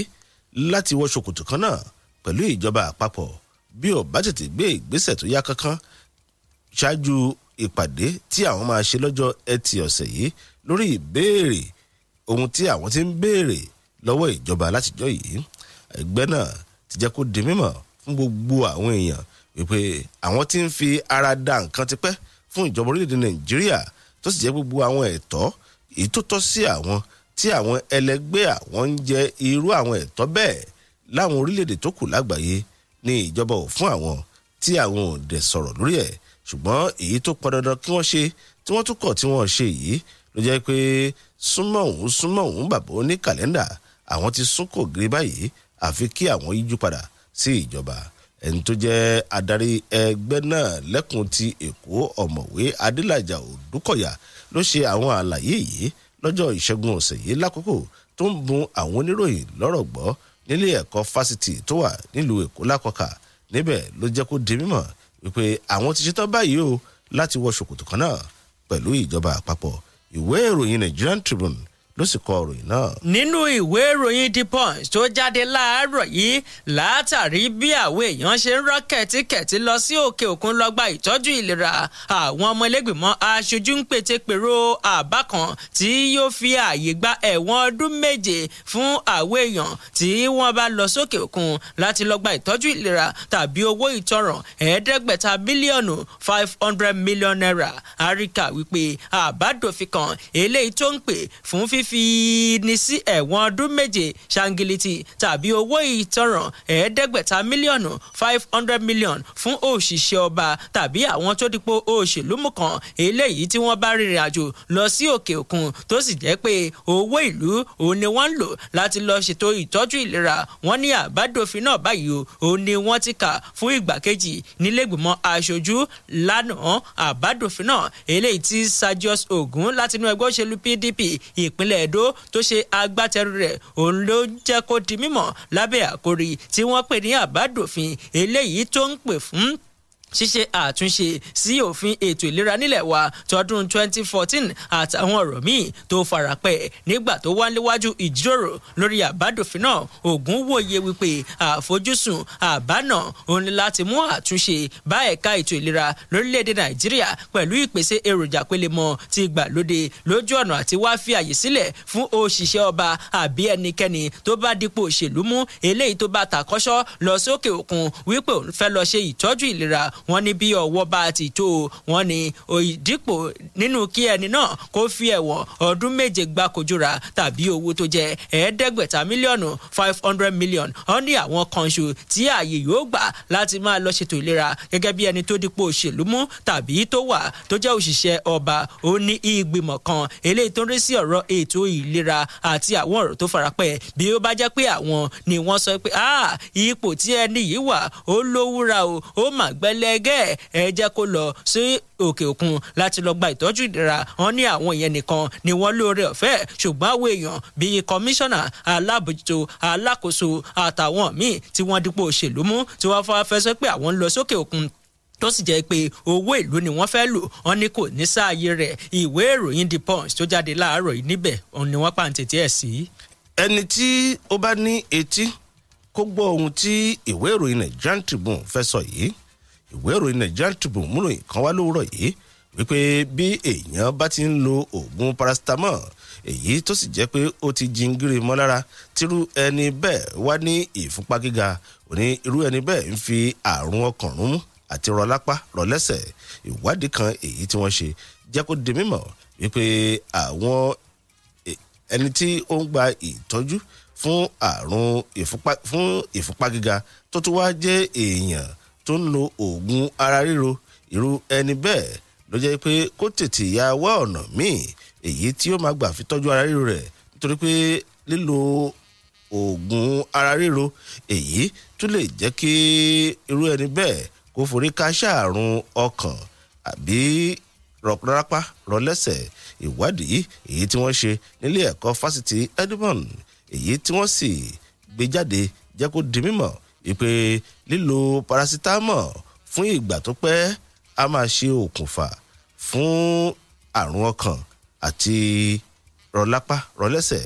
láti wọ ṣòkòtò kan náà pẹ̀lú ìjọba àpapọ̀ bí ò bá tètè gbé ìgbésẹ̀ tó yá kankan ṣáájú ìpàdé tí àwọn máa ṣe lọ́jọ́ ẹtì ọ̀sẹ̀ yìí lórí ìbéèrè ohun tí àwọn ti ń béèrè lọ́wọ́ ìjọba látijọ́ yìí ẹgbẹ́ náà ti jẹ́ kó di mímọ̀ fún gbogbo àwọn èèyàn wípé àwọn ti ń fi ara da nǹkan tipẹ́ fún ìjọba orílẹ̀-èdè nàìjíríà tó sì jẹ́ gbogbo àwọn ẹ̀tọ́ èyí tó tọ́ sí àwọn tí àwọn ẹlẹgbẹ́ àwọn ń jẹ irú àwọn ẹ̀tọ́ bẹ́ẹ̀ láwọn orílẹ̀-èdè tó kù lágbàáyé ní ìjọba ò fún àwọn tí àwọn ò dẹ̀ sọ̀rọ̀ lórí ẹ̀ ṣùgbọ́n èyí tó pọn dandan kí wọ́n ṣe tí wọ́n tún kọ̀ tí wọ́n ṣe yìí ló jẹ́ pé súnmọ́ òun súnmọ́ òun bàbá ní kàlẹ́ndà àwọn ti sún kò gírí báyìí àfi kí àwọn yíjú padà sí ìjọba ẹni tó jẹ́ adarí ẹgbẹ́ náà lẹ́kùn ti èkó ọ̀mọ̀wé adélájà òdúkọ̀yà ló ṣe àwọn àlàyé yìí lọ́jọ́ ìṣẹ́gun ọ̀sẹ̀ yìí lákòókò tó ń bun àwọn oníròyìn lọ́rọ̀ gbọ́ nílé ẹ̀kọ́ fásitì tó wà nílùú èkó lákọ̀ọ́kà níbẹ̀ ló jẹ́ kó di mímọ̀ wípé àwọn ti ṣetán báyìí o láti wọ ṣòkòtò kan náà pẹ̀lú ìjọba àpapọ̀ ìwé ìròyìn Nigerian Tribune ló sì kọ ìròyìn náà. nínú ìwé ìròyìn the punch tó jáde láàárọ̀ yìí látàrí bí àwọn èèyàn ṣe ń rọ́ kẹ̀tíkẹ̀tí lọ sí òkè òkun lọ gba ìtọ́jú ìlera àwọn ọmọlẹ́gbìmọ̀ aṣojú ń pètèpèrò àbá kan tí yóò fi ààyè gba ẹ̀wọ̀n ọdún méje fún àwọn èèyàn tí wọ́n bá lọ sókè òkun láti lọ gba ìtọ́jú ìlera tàbí owó ìtọràn ẹ̀ẹ́dẹ́gbẹ̀ta bílíọ̀nù five hundred million naira àríkà wípé àbádòfin kan eléyìí tó ń pè fún fífi fífi ní sí ẹ̀wọ̀n ọdún méje ṣangiliti tàbí owó ìtanràn ẹ̀ẹ́dẹ́gbẹ̀ta mílíọ̀nù five hundred million fún òṣìṣẹ́ ọba tàbí àwọn tó dípò òṣèlú mú kan eléyìí tí wọ́n bá rìnrìn àjò lọ sí òkè òkun tó sì jẹ́ pé owó ìlú òun ni wọ́n ń lò láti lọ ṣètò ìtọ́jú ìlera wọ́n ní àbádòfin náà báyìí o òun ni wọ́n ti kà fún ìgbà kejì nílẹ̀gbìmọ̀ aṣojú lánàá àbádòfin náà eléyìí tí Sergius Ogun látinú ẹgbẹ́ òṣèlú PDP ìpínlẹ̀ ìpínlẹ̀ Ẹdó tó ṣe agbátẹrù rẹ̀ òun ló jẹ́ kó di mímọ̀ lábẹ́ àkórí tí wọ́n pè ní àbádòfin eléyìí tó ń pè fún ṣíṣe àtúnṣe sí òfin ètò ìlera nílẹ̀ wa tọdún 2014 àtàwọn ọ̀rọ̀ míì tó farapẹ́ nígbà tó wá níwájú ìjíròrò lórí àbádòfin náà ògún wòye wípé àfojúsùn àbánà òun ni láti mú àtúnṣe bá ẹ̀ka ètò ìlera lórílẹ̀‐èdè nàìjíríà pẹ̀lú ìpèsè èròjà pélemọ ti gbàlódé lójú ọ̀nà àti wá fi àyè sílẹ̀ fún òṣìṣẹ́ ọba àbí ẹnikẹ́ni tó bá dípò òṣèlú mú eléyìí tó bá tàkọ́ṣọ́ lọ sókè òkun wípé òun fẹ́ lọ ṣe ìtọ́jú ìlera wọ́n ní bí ọwọ́ bá ti tó o wọ́n ní dípò nínú kí ẹni náà kó fi ẹ̀wọ̀n ọdún méje gba kojúra tàbí owó tó jẹ ẹ̀ẹ́dẹ́gbẹ̀ta mílíọ̀nù five hundred million wọ́n ní àwọn kan ṣo tí ààyè yóò gbà láti máa lọ ṣètò ìlera gẹ́gẹ́ bí ẹni tó dípò òṣèlú mú tàbí tó wà tó jẹ́ òṣìṣẹ́ ọba ó ní ìgbìmọ̀ kan eléyìí tó ń rí sí ọ̀rọ̀ ètò ìlera àti àwọn ọ̀rọ̀ tó farapẹ́ bí ó bá jẹ́ pé àwọn ni wọ́n sọ pé ipò tí ẹni yìí wà ó lówúra o ó mà gbẹ́lẹ́ ẹgẹ́ ẹ jẹ́ kó lọ sí òkè òkun láti lọ gba ìtọ́jú ìlera wọn ní àwọn ìyẹn nìkan ni wọ́n lóore ọ̀fẹ́ ṣùgbọ́n àwọn èèyàn bíi kọmíṣánná alábòjútó alákòóso àtàwọn míì tí wọ́n dípò òṣèlú mú tí wọ́n fọwọ́ fẹsẹ̀ pé àwọn ń lọ sókè òkun tó sì jẹ́ pé owó ìlú ni wọ́n fẹ́ lò wọ́n ní kò ní sáàyè rẹ̀ ìwé ìròyìn the punch tó jáde láàárọ̀ yìí níbẹ̀ ni wọ́n pàǹtẹ̀tẹ̀ ẹ̀ sí. ẹni tí ó bá ní etí kó gbọ́ ohun tí ìwé ìròyìn Nigerian Tribune fẹ́ sọ yìí ìwé ìròyìn Nigerian Tribune múlò kan wá lówùrọ̀ yìí wípé bí èèyàn bá ti ń lo oògùn paracetamol èyí tó sì jẹ́ pé ó ti jingiri mọ́ lára tírú ẹni bẹ́ẹ̀ wá ní ìfúnpá gíga òní irú ẹni bẹ́ẹ̀ ń fi àrùn ọkàn rún mú àti rọlápá rọlẹ́sẹ̀ ìwádìí kan èyí tí wọ́n ṣe jẹ́ kó di mímọ̀ wípé àwọn ẹni tí ó ń gba ìtọ́jú fún àrùn ìfúnpá gíga tó tún wá jẹ́ èèyàn e tó ń lo oògùn ara ríro irú ẹni bẹ́ẹ̀ ló jẹ́ pé kó tètè ya wá ọ̀nà míì èyí tí ó máa gbà fi tọ́jú ara ríro rẹ̀ nítorí pé lílo oògùn ara ríro èyí tún lè jẹ́ kí irú ẹni bẹ́ẹ̀ kó forí káṣá àrùn ọkàn àbí rọ̀rápá rọlẹ́sẹ̀ ìwádìí èyí tí wọ́n ṣe nílé ẹ̀kọ́ fásitì edmond èyí tí wọ́n sì gbé jáde jẹ́ kó di mímọ̀ wípé lílo parasitamọ́ fún ìgbà tó pẹ́ a máa ṣe òkùnfà fún àrùn ọkàn àti rọlápá rọlẹ́sẹ̀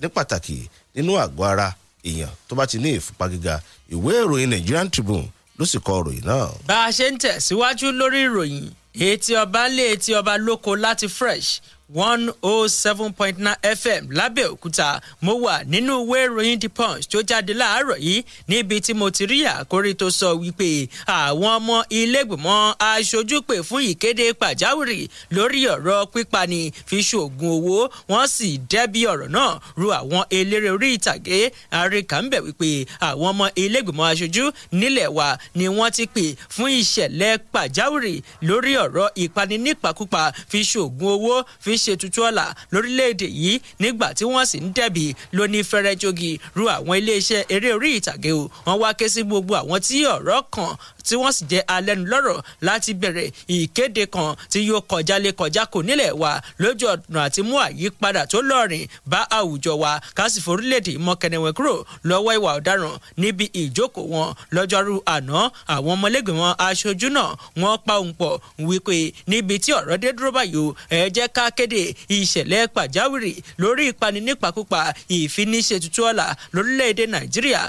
ní pàtàkì nínú àgọ́ ara èèyàn tó bá ti ní ìfúnpá gíga ìwé ìròyìn Nigerian Tribune ló sì kọ ìròyìn náà. bá a ṣe ń tẹ̀síwájú lórí ìròyìn etí ọba lé etí ọba lóko láti fresh one oh seven point nine fm lábẹ́òkúta mo wà nínú ìwé ìròyìn the punch tó jáde láàárọ̀ yìí níbi tí mo ti rí àkórí tó sọ wípé àwọn ọmọ ilégbèmọ̀ aṣojú pè fún ìkéde pàjáwìrì lórí ọ̀rọ̀ pípani fi ṣoògùn owó wọ́n sì dẹ́bi ọ̀rọ̀ náà ru àwọn eléré orí ìtàgé àríkàmbẹ̀ wípé àwọn ọmọ ilégbèmọ̀ aṣojú nílẹ̀ wa ni wọ́n ti pè fún ìṣẹ̀lẹ̀ pàjáwìrì lórí ọ̀rọ̀ ìpani nípakúpa fi ṣoògùn owó ń ṣe tutu ọ̀la lórílẹ̀‐èdè yìí nígbà tí wọ́n sì ń dẹ̀bi lóní fẹ́rẹ́jogi ru àwọn iléeṣẹ́ eré orí ìtàgé o wọ́n wá ké sí gbogbo àwọn tí ọ̀rọ̀ kàn tí wọ́n sì jẹ́ alẹ́nulọ́rọ̀ láti bẹ̀rẹ̀ ìkéde kan tí yóò kọjá lé kọjá kò nílẹ̀ wa lójú ọ̀nà àti mú àyípadà tó lọ́rìn bá àwùjọ wa káàsì forílẹ̀-èdè mọ́kẹ́nẹ̀wẹ̀ kúrò lọ́wọ́ ìwà ọ̀daràn níbi ìjókòó wọn lọ́jọ́rú àná àwọn ọmọlẹ́gbẹ̀mọ aṣojú náà wọ́n pa òun pọ̀ wípé níbi tí ọ̀rọ̀ dé dúró báyìí o ẹ jẹ́ ká kéde ìṣẹ̀lẹ̀ pàjáwìrì lórí ìpani nípakúpa ìfiniṣètùtù ọ̀la lórílẹ̀‐èdè nàìjíríà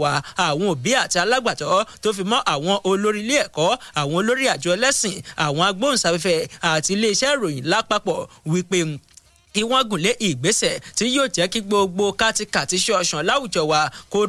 wa àwọn òbí àti alágbàtọ́ tó fi mọ́ àwọn olórí ilé ẹ̀kọ́ àwọn olórí àjọ ẹlẹ́sìn àwọn agbóhùnsáfẹ́fẹ́ àti iléeṣẹ́ ìròyìn lápapọ̀ wípé kí wọ́n gùn lé ìgbésẹ̀ tí yóò jẹ́ kí gbogbo kátikàti ṣọ̀ṣàn láwùjọ wa kó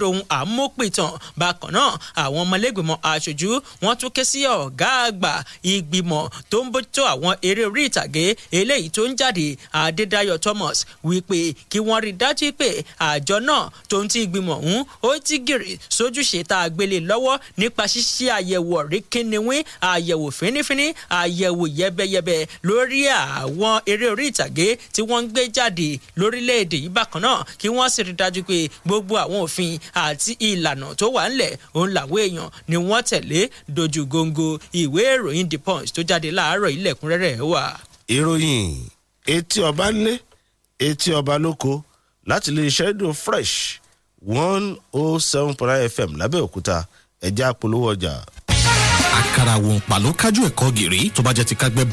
dohun àmúpìtàn bákan náà àwọn ọmọlẹ́gbìmọ̀ aṣojú wọ́n tún ké sí ọ̀gá àgbà ìgbìmọ̀ tó ń bójútó àwọn eré orí ìtàgé eléyìí tó ń jáde Adédáyọ̀ Thomas wípé kí wọ́n rí dájú pé àjọ náà tó ń ti ìgbìmọ̀ ọ̀hún ó ti gìrì sójúṣe tá a gbélé lọ́wọ́ nípa ṣíṣe àyẹ̀wò ọ̀rí kíniwín àyẹ̀wò fínífíní àyẹ̀wò yẹbẹyẹbẹ lórí àwọn eré orí orí ìtàgé tí wọ́n ń gbé jáde lórílẹ̀‐èdè yìí bákan náà kí wọ́n sì rí dájú pé gbogbo àwọn òfin àti ìlànà tó wà ńlẹ̀ òun làwọn èèyàn ni wọ́n tẹ̀lé dojú góńgó ìwé ìròyìn the punch tó jáde láàárọ̀ ilẹ̀kúnrẹ́rẹ́ wà. ìròyìn etí ọba ńlé etí ọba lóko láti lè ṣẹ́dùn fresh one oh seven point nine fm lábẹ́òkúta ẹ̀já polówó ọjà. àkàrà òun pàló kájú ẹ̀kọ́ tó bá jẹ́ ti kágbẹ́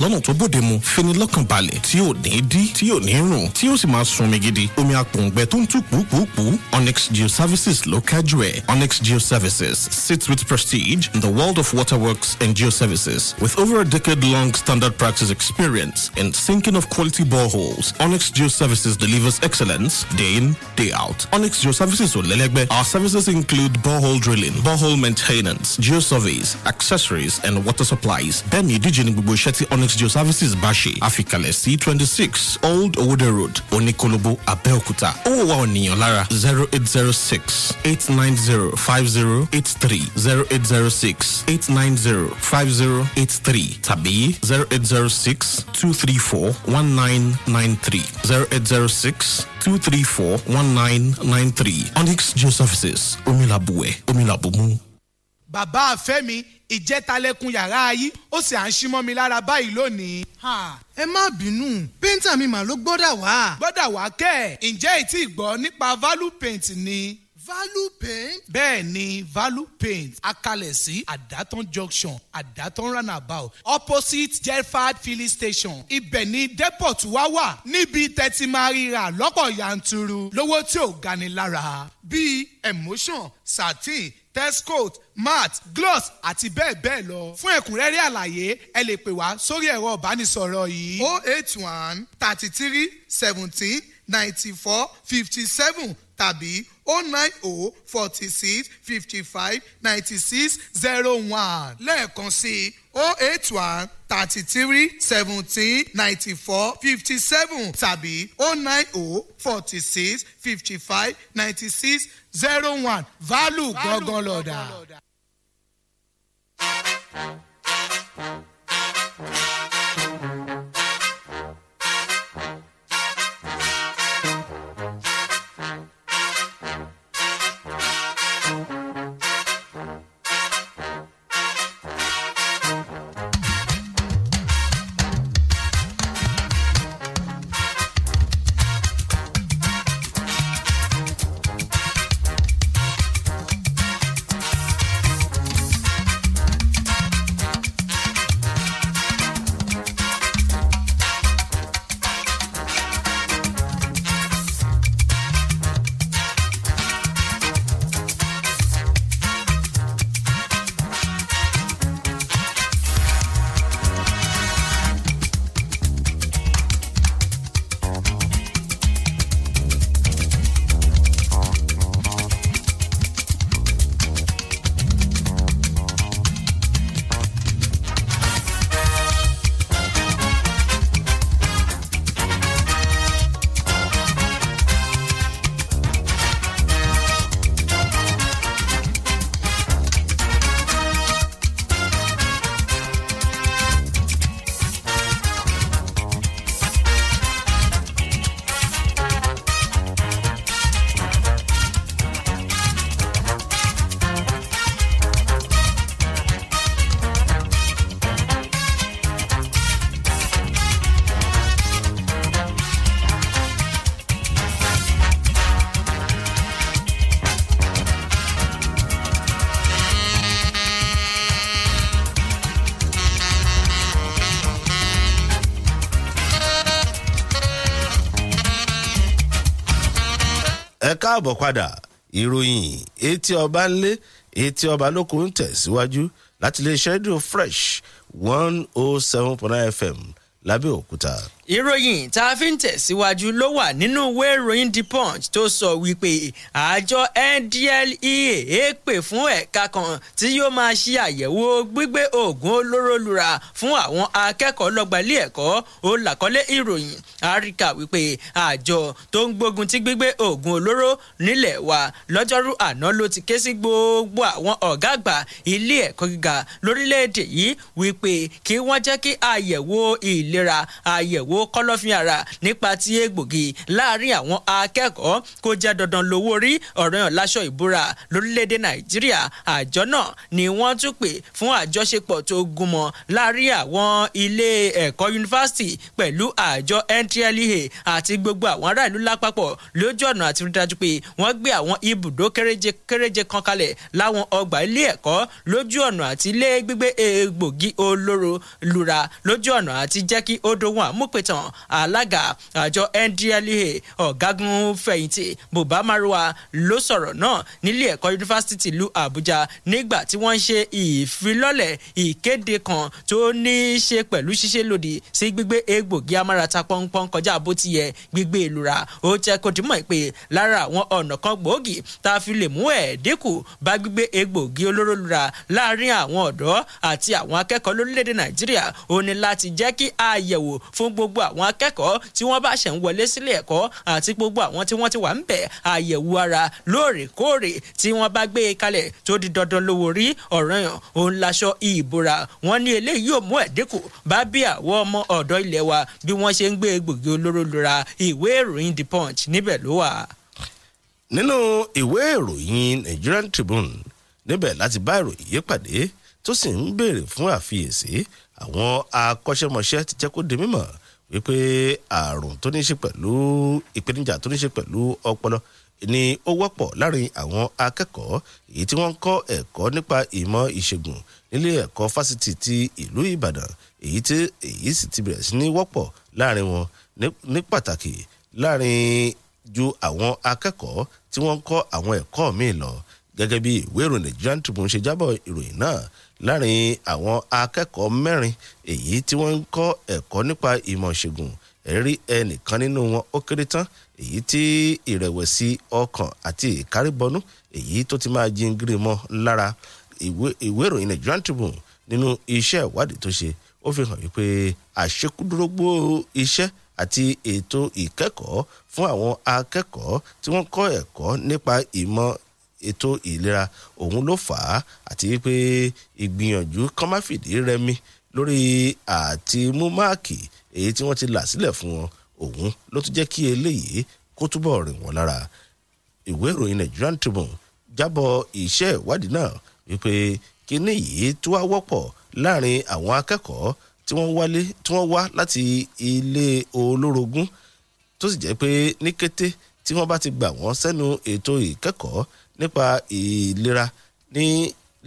lọ́nà tó bóde mu fini lọ́kàn balẹ̀ tí ò ní dí tí ò ní rùn tí ó sì máa sunmi gidi omi apòǹgbẹ tó ń tú pùpùpù Onyx Geoservices ló kájú ẹ̀ Onyx Geoservices sits with prestige in the world of waterworks and geoservices with over a decade long standard practice experience in sinking of quality boreholes Onyx Geoservices delivers excellence day in day out Onyx Geoservices ò lẹ́lẹ́gbẹ́ our services include borehole drilling borehole maintenance surveys batteries, accessories, and water supplies. Demi ìdíje ni gbogbo iṣẹ́ Onyx Geoservices bá ṣe. Àfikàlẹ̀ C twenty six Old Ode Road, Oníkólóbó, Abẹ́òkúta. Owó wa ọ̀nìyàn lára zero eight zero six eight nine zero five zero eight three zero eight zero six eight nine zero five zero eight three tàbí zero eight zero six two three four 0806 234 1993. Onyx Geoservices, umila bubu. bàbá àfẹ́ mi ìjẹ́talẹ́kun yàrá ayé ó sì à ń símọ́ mi lára báyìí lónìí. ẹ má bínú péńtà mi mà ló gbọ́dà wá. gbọ́dà wá kẹ́ ẹ̀ ǹjẹ́ ìtì gbọ́ nípa value paint ni. value paint. bẹ́ẹ̀ ni value paint akalẹ̀ sí àdátán junction àdátán runabout opposite Jelfard filling station ibẹ̀ ni depot wa wà níbi tẹ́tí máa ríra lọ́pọ̀ yanturu lówó tí ò gani bíi emotion satin tescoat mart gloss àti bẹ́ẹ̀ bẹ́ẹ̀ lọ. fún ẹ̀kúnrẹ́rẹ́ àlàyé ẹ lè pè wá sórí ẹ̀rọ ìbánisọ̀rọ̀ yìí. o oh eight one thirty three seventeen ninety four fifty seven tàbí o oh nine o oh forty six fifty five ninety six zero one lẹ́ẹ̀kan sí o eight one thirty three seventeen ninety four fifty seven tàbí oh nine oh forty six fifty five ninety six zero one value gangan lọ́dà. káàbọ̀ padà ìròyìn etí ọba ńlé etí ọba lóko ń tẹ̀síwájú láti iléeṣẹ́ rédíò fresh one oh seven point nine fm lábẹ́òkúta ìròyìn tá a fi ń tẹ̀síwájú ló wà nínú ìwé ìròyìn the punch tó sọ wípé àjọ ndlea pè fún ẹ̀ka kan tí yóò máa ṣe àyẹ̀wò gbígbé oògùn olóró lura fún àwọn akẹ́kọ̀ọ́ lọ́gbà ilé ẹ̀kọ́ ó làkọ́lé ìròyìn àríkà wípé àjọ tó ń gbógun ti gbígbé oògùn olóró nílẹ̀ wa lọ́jọ́rú àná ló ti ké sí gbogbo àwọn ọ̀gá àgbà ilé ẹ̀kọ́ gíga lórílẹ̀‐èdè yìí wípé kí wọ́n jẹ́ kí àyẹ̀wò ìlera àyẹ̀wò owó kọ́lọ́fín ara nípa ti egbògi láàrin àwọn akẹ́kọ̀ọ́ kó jẹ́ dandan lówó rí ọ̀ranyàn láṣọ ìbúra lórílẹ̀‐èdè nàìjíríà àjọ náà ni wọ́n tún pè fún àjọṣepọ̀ tó gúnmọ́ láàrin àwọn ilé ẹ̀kọ́ yunifásitì pẹ̀lú àjọ NTLEA àti gbogbo àwọn ará ìlú lójú ọ̀nà àti rí dájú pé wọ́n gbé àwọn ibùdó kéréje kéréje kan kalẹ̀ láwọn ọgbà ilé ẹ̀kọ́ lójú ọ̀nà àti ilé gbígbé egbògi olóró lura lójú ọ̀nà àti jẹ́ kí ó dohun àmúpẹ̀t onítàn alága àjọ ndlea ọ̀gágun fẹ̀yìntì buba marwa ló sọ̀rọ̀ náà nílé ẹ̀kọ́ yunifásitì ìlú àbújá nígbà tí wọ́n ń ṣe ìfilọ́lẹ̀ ìkéde kan tó ní í ṣe pẹ̀lú ṣíṣe lòdì sí gbígbé egbògi amárata pọ́npọ́n kọjá bó ti yẹ gbígbé ìlura e ó jẹ́ kó dìmọ̀ pé lára àwọn ọ̀nà kan gbòógì tá a fi lè mú ẹ̀ dínkù bá gbígbé egbògi olóró lura láàrin àwọn ọ̀dọ́ àti àwọn akẹ́kọ̀ọ́ lórílẹ̀‐èdè nàìjíríà ó ní láti jẹ́ kí àyẹ̀wò fún gbogbo gbogbo àwọn akẹ́kọ̀ọ́ tí wọ́n bá ṣẹ̀ ń wọlé sílé ẹ̀kọ́ àti gbogbo àwọn tí wọ́n ti wà ń bẹ̀ àyẹ̀wò ara lóòrèkóòrè tí wọ́n bá gbé e kalẹ̀ tó di dandan lówó rí ọ̀ràn yàn òun laṣọ ìbora wọ́n ní eléyìí yóò mú ẹ̀dínkù bá bí àwọn ọmọ ọ̀dọ́ ilẹ̀ wa bí wọ́n ṣe ń gbé egbògi olóró lura ìwé ìròyìn the punch níbẹ̀ ló wà. nínú ìwé ìròyìn Nigerian Tribune níbẹ̀ láti bá ìròyìn yé tó sì ń béèrè fún àfiyèsí àwọn akọ́ṣẹ́mọṣẹ́ ti jẹ́ kó di mímọ̀ wípé àrùn tó ní í ṣe pẹ̀lú ìpèníjà tó ní í ṣe pẹ̀lú ọpọlọ ni ó wọ́pọ̀ láàrin àwọn akẹ́kọ̀ọ́ èyí tí wọ́n ń kọ́ ẹ̀kọ́ nípa ìmọ̀ ìṣègùn nílé ẹ̀kọ́ fásitì ti ìlú ìbàdàn èyí tí èyí sì ti bẹ̀rẹ̀ sí ní wọ́pọ̀ láàrin wọn ní pàtàkì láàrin ju àwọn akẹ́kọ̀ọ́ tí wọ́n ń kọ́ àwọn ẹ̀kọ́ míì lọ gẹ́gẹ́ bí ìwé ìròyìn Nigerian Tribune ṣe jábọ̀ ìròyìn láàrin àwọn akẹ́kọ̀ọ́ mẹ́rin èyí tí wọ́n ń kọ́ ẹ̀kọ́ nípa ìmọ̀ ìṣègùn ẹ̀rí ẹnìkan nínú wọn ó kéré tán èyí tí ìrẹ̀wẹ̀sì ọkàn àti ìkáríbọnú èyí tó ti máa jingiri mọ́ lára ìwé ìròyìn Nigerian Tribune nínú iṣẹ́ ìwádìí tó ṣe ó fi hàn wípé àṣekúdórógbó iṣẹ́ àti ètò ìkẹ́kọ̀ọ́ fún àwọn akẹ́kọ̀ọ́ tí wọ́n kọ́ ẹ̀kọ́ nípa ìmọ̀ ètò ìlera òun ló fà á àti pé ìgbìyànjú kan má fìdí rẹmi lórí àti mú máàkì èyí tí wọ́n ti là sílẹ̀ fún wọn òun ló tún jẹ́ kí eléyìí kó túbọ̀ rìn wọ́n lára ìwé ìròyìn Nigerian Tribune jábọ̀ iṣẹ́ ìwádìí náà wípé kíní yìí tó wá wọ́pọ̀ láàrin àwọn akẹ́kọ̀ọ́ tí wọ́n wálé tí wọ́n wá láti ilé olórogún tó sì jẹ́ pé ní kété tí wọ́n bá ti gbà wọ́n sẹ́nu ètò ìkẹ́kọ̀ọ́ nípa ìlera ní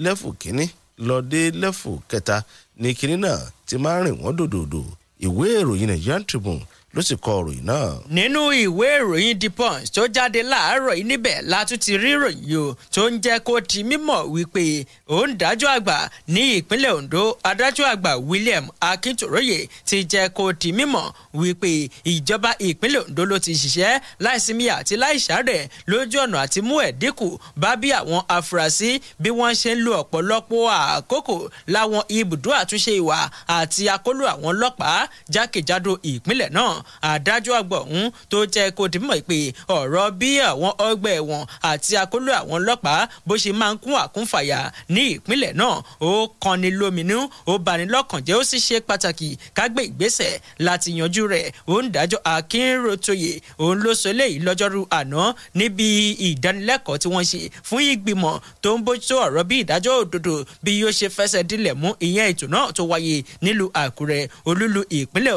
lẹ́fù kínní lọ dé lẹ́fù kẹta ní kínní náà ti máa rìn wọ́n dòdòdò ìwé ìròyìn Nigerian Tribune ló sì kọ ìròyìn náà. nínú ìwé ìròyìn the punch tó jáde láàárọ̀ yìí níbẹ̀ látún ti rí ìròyìn o tó ń jẹ́ kó di mímọ̀ wípé òǹdájọ́ àgbà ní ìpínlẹ̀ Ondo adájọ́ àgbà William Akintoroye ti jẹ́ kó di mímọ̀ wípé ìjọba ìpínlẹ̀ Ondo ló ti ṣiṣẹ́ láìsinmi àti láìsàárẹ̀ lójú ọ̀nà àti mú ẹ̀dínkù bá bí àwọn afurasí bí wọ́n ṣe ń lo ọ̀pọ̀lọpọ̀ àkókò láwọn ibùdó àtúnṣe ìwà àti akóló àwọn ọlọ́pàá jákèjádò ìpínlẹ̀ náà adájọ́ àgbà ọ̀hún tó jẹ́ kó di mímọ̀ pé ọ̀rọ̀ bí àwọn ọgbà ẹ̀wọ̀n àti akóló àwọn ọlọ́pàá bó ṣe máa ń kún àkúnfàyà ní ìpínlẹ̀ náà ó kanni lóminú ó bani lọ́kànjẹ́ ó sì ṣe pàtàkì ká gbé ìgbésẹ̀ láti yanjú rẹ̀ òun dájọ́ akínròtòyè òun ló sọ eléyìí lọ́jọ́rú àná níbi ìdánilẹ́kọ̀ọ́ tí wọ́n ṣe fún ìgbìmọ̀ tó ń bójútó ọ̀rọ̀ bí ìdájọ́ òdodo bí yóò ṣe fẹsẹ̀ dilẹ̀ mú ìyẹn ètò náà tó wáyé nílùú àkúrẹ́ olúlu ìpínlẹ̀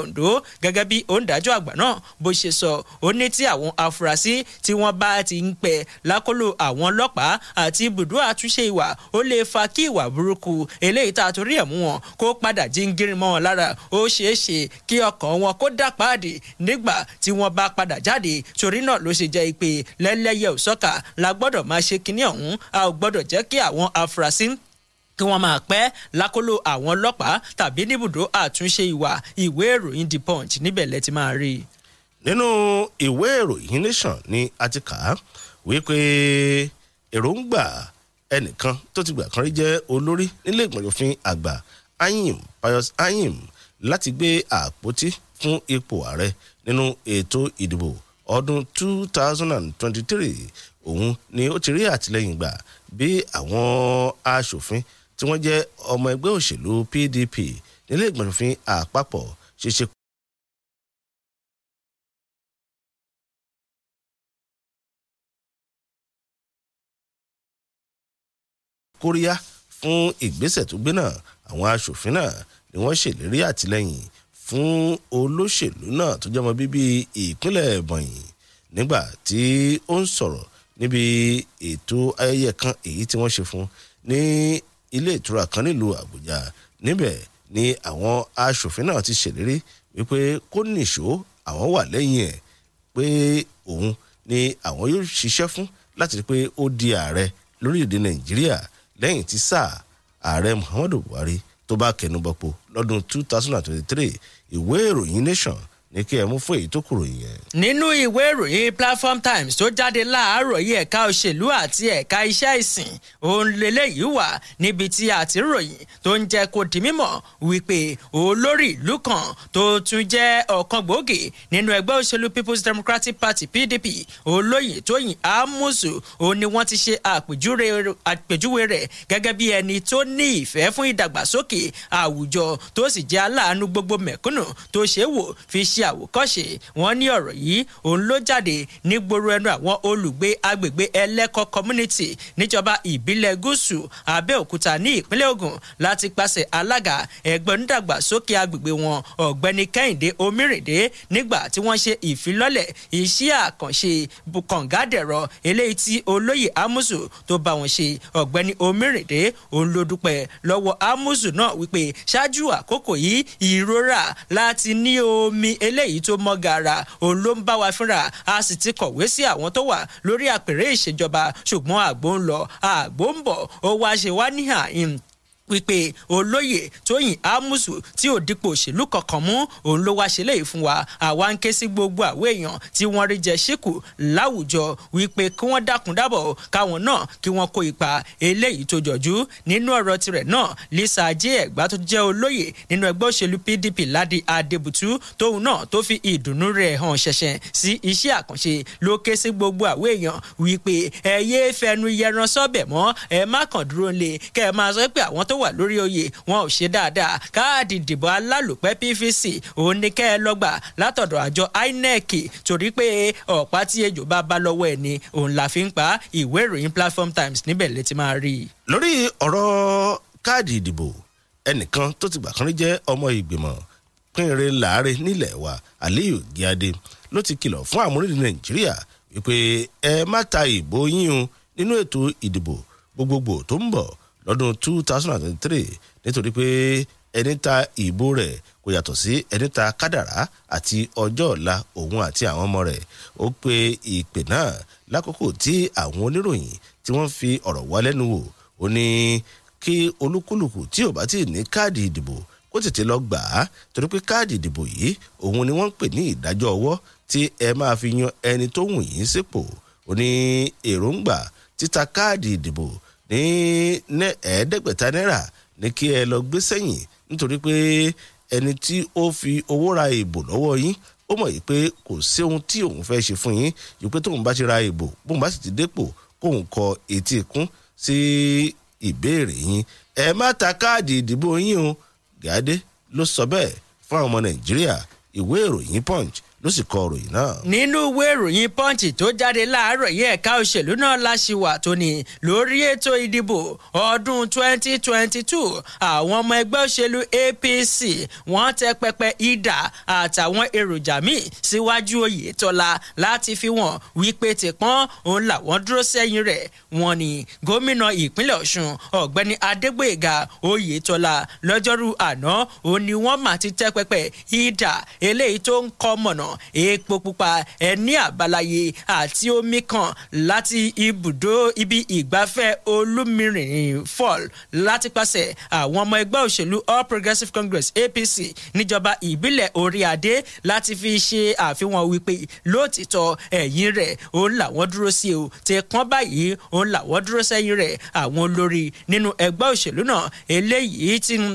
ondo onídàájọ́ àgbà náà bó ṣe sọ ó ní tí àwọn afurasí tí wọ́n bá ti ń pẹ́ lákòlò àwọn ọlọ́pàá àti ibùdó àtúnṣe ìwà ó lè fa kí ìwà burúkú eléyìí tá a torí ẹ̀ mú wọn kó padà jíngírin mọ́ wọn lára ó ṣeé ṣe kí ọkàn wọn kó dà páàdì nígbà tí wọ́n bá padà jáde torí náà ló ṣe jẹ́ pé lẹ́lẹ́yẹ òsọ́kà la gbọ́dọ̀ máa ṣe kinní ọ̀hún a ò gbọ́dọ̀ jẹ́ kí àwọn afurasí kí wọ́n máa pẹ́ lákòlò àwọn ọlọ́pàá tàbí níbùdó àtúnṣe ìwà ìwé ìròyìn the punch níbẹ̀ lẹ ti máa rí i. nínú ìwé ìròyìn nation ni a ti kà á wípé èròǹgbà ẹnìkan tó ti gbà kan rí jẹ́ olórí nílé ìgbìmọ̀ òfin àgbà ayim pius ayim láti gbé àpótí fún ipò ààrẹ nínú ètò ìdìbò ọdún 2023 òun ni ó ti rí àtìlẹyìn gbà bí àwọn aṣòfin tí wọ́n jẹ́ ọmọ ẹgbẹ́ òṣèlú PDP nílé ìgbìmọ̀ òfin àpapọ̀ ṣeṣe kóríyá fún ìgbésẹ̀ tó gbé náà àwọn aṣòfin náà ni wọ́n ṣèlérí àtìlẹ́yìn fún olóṣèlú náà tó jẹ́mọ bíbí ìpínlẹ̀ bọ̀yìn nígbà tí ó ń sọ̀rọ̀ níbi ètò ayẹyẹ kan èyí tí wọ́n ṣe fún ní ilé ìtura kan nílùú àbújá níbẹ̀ ni àwọn aṣòfin náà ti ṣèlérí wípé kó nìṣó àwọn wà lẹ́yìn ẹ̀ pé òun ni àwọn yóò ṣiṣẹ́ fún láti rí pé ó di ààrẹ lórílẹ̀‐èdè nàìjíríà lẹ́yìn tí sáà ààrẹ muhammadu buhari tó bá kẹnubọ̀pọ̀ lọ́dún 2023 ìwé ìròyìn nation ní kí ẹ mú fún èyí tó kúrò yẹn. nínú ìwé ìròyìn platform times tó jáde láàárọ̀ yìí ẹ̀ka òṣèlú àti ẹ̀ka iṣẹ́ ìsìn òun lélẹ́yìí wà níbi tí àtìròyìn tó ń jẹ́ kó di mímọ̀ wípé olórí ìlú kan tó tún jẹ́ ọ̀kan gbòógì nínú ẹgbẹ́ òṣèlú people's democratic party pdp olóyè tóyìn amusu òun ni wọ́n ti ṣe àpèjúwe rẹ̀ gẹ́gẹ́ bí ẹni tó ní ìfẹ́ fún ìdàgbàsókè àwùjọ tó sì jẹ́ aláàánú gbogbo mẹ̀kúnnù tó ṣe é wò fi ṣe jẹ́ àwòkọ́ṣe wọn ní ọ̀rọ̀ yìí òun ló jáde ní gbòòrò ẹnu àwọn olùgbé agbègbè ẹlẹ́kọ̀ community níjọba ìbílẹ̀ gúúsù abẹ́òkúta ní ìpínlẹ̀ ògùn láti pàṣẹ alága ẹgbẹ́ onídàgbàsókè agbègbè wọn ọ̀gbẹ́ni kẹ́hìndé omírèdé nígbà tí wọ́n ṣe ìfilọ́lẹ̀ iṣẹ́ àkànṣe kọ̀ǹgádẹ̀rọ eléyìí tí olóyè amusu tó bá wọn ṣe ọ̀gbẹ́ni omírèdé òun ló dúpẹ́ lọ́wọ́ amusu náà wípé ṣáájú àkókò yìí ìrora láti ní omi eléyìí tó mọ́ gàrà òun ló ń bá wa fínra a sì ti kọ̀wé sí àwọn tó wà lórí àpèrè ìṣèjọba ṣùgbọ́n àgbò ń lọ àgbò ń bọ̀ ó wá ṣe wá níhà wípé olóyè tóyìn amusu tí ò dípò òṣèlú kankan mú òun ló wá ṣe léyìí fún wa àwa ń ké sí gbogbo àwọn èèyàn tí wọ́n rí jẹ síkù láwùjọ wípé kí wọ́n dákun dábọ̀ káwọn náà kí wọ́n kó ipa eléyìí tó jọjú nínú ọ̀rọ̀ tirẹ̀ náà Lisa Ajé-Ẹ̀gbá tó jẹ́ olóyè nínú ẹgbẹ́ òṣèlú PDP Ládi Adébùtú tóun náà tó fi ìdùnnú rẹ̀ hàn ṣẹ̀ṣẹ̀ sí iṣẹ́ àkànṣe ló ké sí gbogbo àwọn èèyàn wípé ẹ yéé fẹnu yẹran sọ́bẹ̀ mọ́ ẹ má kàn dúró lé kẹ́ máa sọ pé àwọn tó wà wà lórí oyè wọn ò ṣe dáadáa káàdì ìdìbò alálòpẹ́ pvc òun ni kẹ́ ẹ lọ́gbà látọ̀dọ̀ àjọ inec torí pé ọ̀pá tí ejò bá bá lọ́wọ́ ẹ̀ ni òun la fi ń pa ìwé ìròyìn platform times níbẹ̀ lè ti máa rí i. lórí ọ̀rọ̀ káàdì ìdìbò ẹnìkan tó ti gbà kan rí jẹ́ ọmọ ìgbìmọ̀ pínrin láàre nílẹ̀ wa aliyu gíadé ló ti kìlọ̀ fún àwọn orílẹ̀ nàìjíríà wípé ẹ má ta ìbò yín o nínú ètò ìdìbò gbogbogbò tó ń bọ̀ lọ́dún two thousand and three nítorí pé ẹni ta ìbò rẹ̀ kò yàtọ̀ sí ẹni ta kádàrá àti ọjọ́ ọ̀la òun àti àwọn ọmọ rẹ̀ ó pe ìpè náà lákòókò tí àwọn oníròyìn tí wọ́n fi ọ̀rọ̀ wá lẹ́nu wò ó ní kí olúkúlùkù tí ò bá tí ní káàdì ìdìbò kó tètè lọ gbà á torí pé káàdì ìdìbò yìí òun ni wọ́n ń pè ní ìdájọ́ ọwọ́ tí ẹ máa fi yan ẹni tó wù yín sípò ó ní èròǹgbà títa káàdì ìdìbò ní ẹ̀ẹ́dẹ́gbẹ̀ta náírà ní kí ẹ lọ gbé sẹ́yìn nítorí pé ẹni tí ó fi owó ra ìbò lọ́wọ́ yín ó mọ̀ yìí pé kò sí ohun tí òun fẹ́ ṣe fún yín yìí pé tóun bá ti ra ìbò bóun bá sì ti dépò kóun kọ etí ikún sí ìbéèrè yín ẹ má ta káàdì ìdìbò yín o gàdé ló sọ bẹ́ẹ̀ fún àwọn ọmọ nàìjíríà ìwé ìròyìn punch ló sì kọ ìròyìn náà. nínú ìwé ìròyìn pọ́ǹtì tó jáde láàárọ̀ yìí ẹ̀ka òṣèlú náà láṣìwà tóní lórí ètò ìdìbò ọdún 2022 àwọn ọmọ ẹgbẹ́ òṣèlú APC wọ́n tẹ pẹpẹ ìdà àtàwọn èròjà míì síwájú Oyètọ́lá láti fi wọ́n wípé tìpọ́n òun làwọn dúró sẹ́yìn rẹ̀ wọ́n ní gómìnà ìpínlẹ̀ Ọ̀ṣun ọ̀gbẹ́ni Adégbóyèga Oyètọ́lá lọ́jọ́rú àná òun ni wọ́n mà ti tẹ pẹpẹ ìdà eléyìí tó ń kọ́ mọ̀nà epo pupa ẹni àbáláyé àti omi kan láti ibùdó ibi ìgbafẹ́ olúmirin fall láti pàṣẹ àwọn ọmọ ẹgbẹ́ òṣèlú all progressives congress apc níjọba ìbílẹ̀ orí adé láti fi ṣe àfihàn wípé lóòtítọ́ ẹ̀yìn rẹ̀ òun làwọn dúró sí o tẹ̀kán báyìí òun làwọn dúró sẹ́yìn rẹ̀ àwọn olórí nínú ẹgbẹ́ òṣèlú náà eléyìí ti ń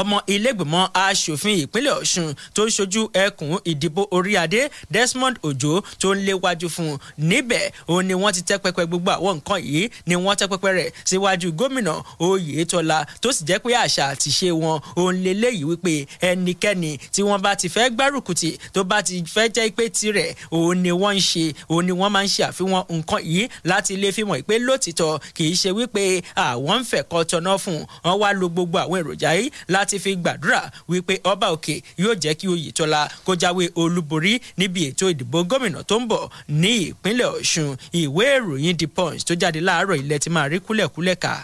ọmọ ilégbèmọ asòfin ìpínlẹ̀ Ọ̀ṣun tó ń ṣojú ẹkùn ìdìbò orí adé Desmond Ojo tó ń léwájú fún un níbẹ̀ òun ni wọ́n ti tẹ́ pẹpẹ gbogbo àwọn nǹkan yìí ni wọ́n tẹ́ pẹpẹ rẹ̀ síwájú gómìnà Oyètọ́lá tó sì jẹ́ pé àṣà àti ṣe wọn òun lélẹ́yìí wípé ẹnikẹ́ni tí wọ́n bá ti fẹ́ gbárùkùtì tó bá ti fẹ́ jẹ́ pé tirẹ̀ òun ni wọ́n ń ṣe òun ni wọ́n máa ń ṣe àfihàn nǹkan yìí láti láti fi gbàdúrà wípé ọba òkè yóò jẹ́ kí oyètọ́lá kó jáwé olúborí níbi ètò ìdìbò gómìnà tó ń bọ̀ ní ìpínlẹ̀ ọ̀ṣun ìwé ìròyìn the punch tó jáde láàárọ̀ ilẹ̀ ti máa rí kúlẹ̀kúlẹ̀ kà.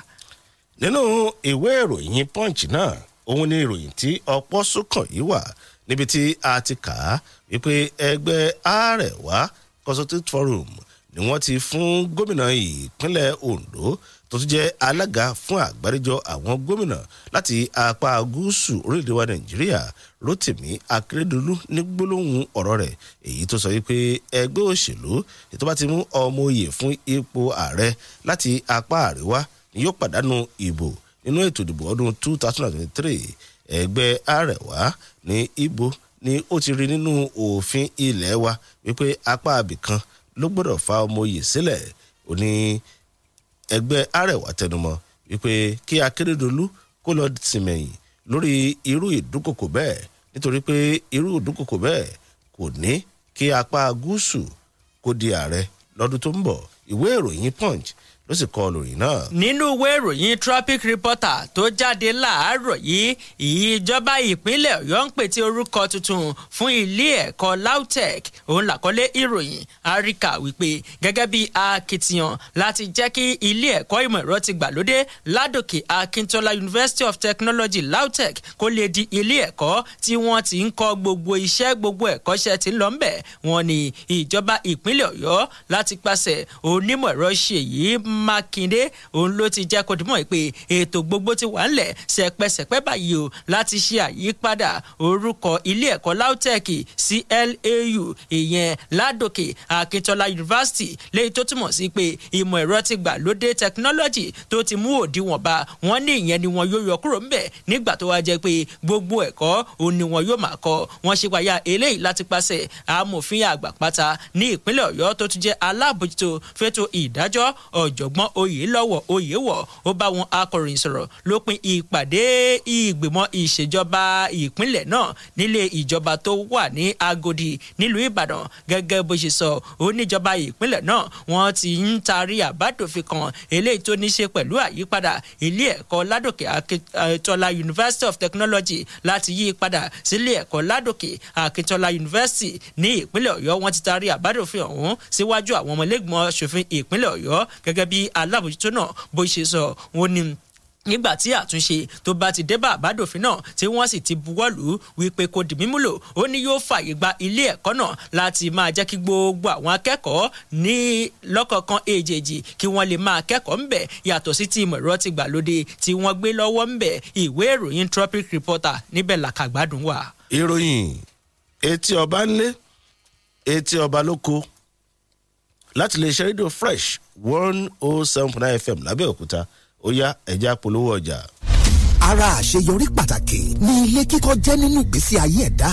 nínú ìwé ìròyìn punch náà òun ni ìròyìn tí ọpọ́ sókàn yìí wà níbi tí a ti kà á wípé ẹgbẹ́ àrẹwà consultative forum ni wọ́n ti fún gómìnà ìpínlẹ̀ ondo tó tún jẹ́ alága fún àgbáríjọ àwọn gómìnà láti apá gúúsù orílẹ̀-èdè wa nàìjíríà rotimi akeredolu ní gbólóhùn ọ̀rọ̀ rẹ̀ èyí tó sọ wípé ẹgbẹ́ òṣèlú ètò bá ti mú ọmọ oyè fún ipò ààrẹ láti apá àríwá ni yóò pàdánù ìbò nínú ètò ìdìbò ọdún 2023 ẹgbẹ́ àrẹ̀wá ní ibo ni ó ti rí nínú òfin ilé wa wípé apá abìkan ló gbọ́dọ̀ fa ọmọ oyè sílẹ̀ ó ẹgbẹ́ Arẹwà tẹnumọ́ wípé kí Akérédolú kó lọ tìmẹ̀yìn lórí irú ìdúnkòkò bẹ́ẹ̀ nítorí pé irú ìdúnkòkò bẹ́ẹ̀ kò ní kí apá gúúsù kó di ààrẹ lọ́dún tó ń bọ̀ ìwé ìròyìn Punch ló sì kọ olùrìn náà. nínú ìwé ìròyìn tropic reporter tó jáde láàárọ̀ yìí ìjọba ìpínlẹ̀ ọ̀yọ́ ń pète orúkọ tuntun fún ilé ẹ̀kọ́ lautech òun làkọlé ìròyìn áríkà wípé gẹ́gẹ́ bí akitiyan láti jẹ́ kí ilé ẹ̀kọ́ ìmọ̀ ẹ̀rọ ti gbàlódé ládòkè akíntola university of technology lautech kó lè di ilé ẹ̀kọ́ tí wọ́n ti ń kọ́ gbogbo iṣẹ́ gbogbo ẹ̀kọ́ṣẹ́ ti ń lọ ńbẹ̀ wọ́n ní ìjọba ìpínlẹ̀ ọ̀yọ́ mákindé òun ló ti jẹ́ kó dìmọ̀ pé ètò gbogbo ti wà ńlẹ̀ sẹ̀pẹ̀sẹ̀pẹ̀ báyìí o láti ṣe àyípadà orúkọ ilé ẹ̀kọ́ LAUTECH sí LAU ìyẹn ládòkè akíntọ́lá yunifásitì léyìí tó túmọ̀ sí pé ìmọ̀ ẹ̀rọ ti gbà lóde tẹkinọ́lọ́jì tó ti mú òdiwọ̀n bá wọn ní ìyẹn ni wọn yóò yọ kúrò ńbẹ̀ nígbà tó wá jẹ́ pé gbogbo ẹ̀kọ́ òun ni wọn yóò máa kọ́ wọn ṣe wáyà eléyìí láti pàṣẹ amòfin àgbà ní ìpínlẹ̀ ọ̀yọ́ tó tún jẹ́ alábòjútó fẹ́tò ìdájọ́ ọ̀j ọ̀jọ̀gbọ́n oyèlọ́wọ̀ oyèwọ̀ ó bá wọn akọ̀ròyìn sọ̀rọ̀ lópin ìpàdé ìgbìmọ̀ ìṣèjọba ìpínlẹ̀ náà nílé ìjọba tó wà ní agodi nílùú ìbàdàn gẹ́gẹ́ bó ṣe sọ oníjọba ìpínlẹ̀ náà wọ́n ti ń taari àbádòfin kan eléyìí tó ní ṣe pẹ̀lú àyípadà ilé ẹ̀kọ́ ládòkè akíntọ́lá university of technology láti yí padà sílé ẹ̀kọ́ ládòkè akíntọ́lá university ní ìpínlẹ̀ ọ̀yọ́ wọ́n ti taari àbádòfin ọ̀hún síwájú àwọn ọmọlẹ́gbọ̀n ṣòfin ìpínlẹ̀ ọ̀yọ́ gẹ́gẹ́ b bí alábòjútó náà bó ṣe sọ wọn ni nígbà tí àtúnṣe tó bá ti dé bá àbádòfin náà tí wọ́n sì ti buwọ́lù wípé kò dì mímúlò ó ní yóò fààyè gba ilé ẹ̀kọ́ náà láti máa jẹ́ kí gbogbo àwọn akẹ́kọ̀ọ́ ní lọ́kọ̀ọ̀kan èjèèjì kí wọ́n lè máa kẹ́kọ̀ọ́ ńbẹ̀ yàtọ̀ sí ti ìmọ̀ ẹ̀rọ ti gbàlódé tí wọ́n gbé lọ́wọ́ ńbẹ̀ ìwé ìròyìn tropic reporter níbẹ̀ làkàgbádùn wà. ìròyìn etí ọba ńlé etí ọba lóko láti lè ṣe rédíò fresh one oh seven point nine fm lábẹ́òkúta ó yá ẹ̀já polówó ọjà. ara àṣeyọrí pàtàkì ni ilé kíkọ́ jẹ́ nínú ìgbésí ayé ẹ̀dá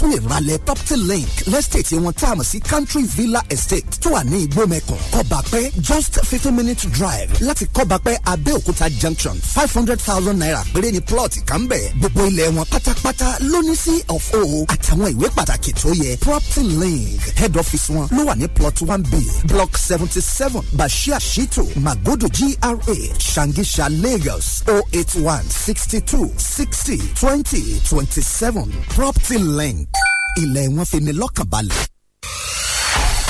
tún lè ralẹ̀ property link lẹ́sítẹ̀tì wọn tá a mọ̀ sí country villa estate tó wà ní ìgbòmẹ̀kọ̀ kọ́bàpẹ́ just fifteen minutes drive láti kọ́bàpẹ́ abẹ́òkúta junction five hundred thousand naira péré ni plot kan bẹ̀ gbogbo ilẹ̀ wọn pátápátá ló ní sí of o àtàwọn ìwé pàtàkì tó yẹ property link head office wọn ló wà ní plot one b block seventy seven bashir shito magodo gra shangisha lagos oh eight one sixty two sixty twenty twenty seven property link ilẹ̀ wọn fi ni lọ́kàn balẹ̀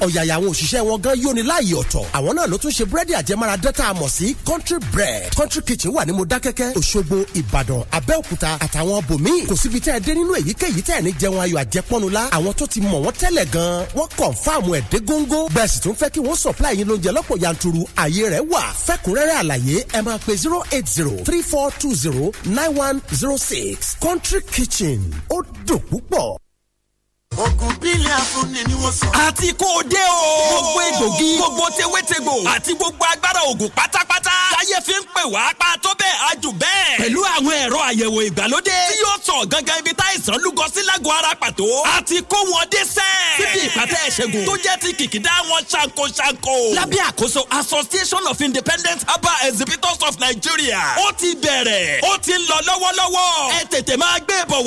ní ọ̀yàyà àwọn òṣìṣẹ́ wọn gan yóni láàyè ọ̀tọ̀ àwọn náà ló tún ṣe búrẹ́dì àjẹmára dẹ́ta àmọ̀ sí country bread country kitchen wà ní Modákẹ́kẹ́ Òṣogbo Ìbàdàn Abẹ́òkúta àtàwọn bòmíì kò síbi tẹ́ ẹ dé nínú èyíkéyìí tẹ́ ẹ ní jẹun ayọ̀ àjẹpọ́nula àwọn tó ti mọ̀ wọ́n tẹ́lẹ̀ gan wọ́n confirm ẹ̀ dé góńgó bẹ́ẹ̀ sì tún supply yín lóúnjẹ lọ́pọ̀ yanturu ààyè rẹ̀ wà fẹ́kúnrẹ́rẹ́ àlàyé ẹ máa zero eight zero three four two zero nine one zero six country kitchen ó Ògùn bílẹ̀ afúnni ni wọ́n sọ. Àti kó o dé o. Gbogbo egbògi. Gbogbo tewétegbò. Àti gbogbo agbára ògùn pátápátá. Láyé fi ń pè wá pa tó bẹ́ẹ̀ a jù bẹ́ẹ̀. Pẹ̀lú àwọn ẹ̀rọ àyẹ̀wò ìgbàlódé. Tí yóò sọ gangan ibi tá ìsàn lúgọ sí lágọ̀ ara pàtó. Àti kó wọn dé sẹ́. Síbi ìpàtẹ ìṣègùn. Tó jẹ́ ti kìkìdá wọn ṣanko ṣanko. Lábẹ́ àkóso Association of Independent Herbal Exhibitors of Nigeria. Ó ti bẹ̀rẹ̀. Ó ti ń lọ lọ́wọ́lọ́wọ́. Ẹ tètè máa gbé ìbọ̀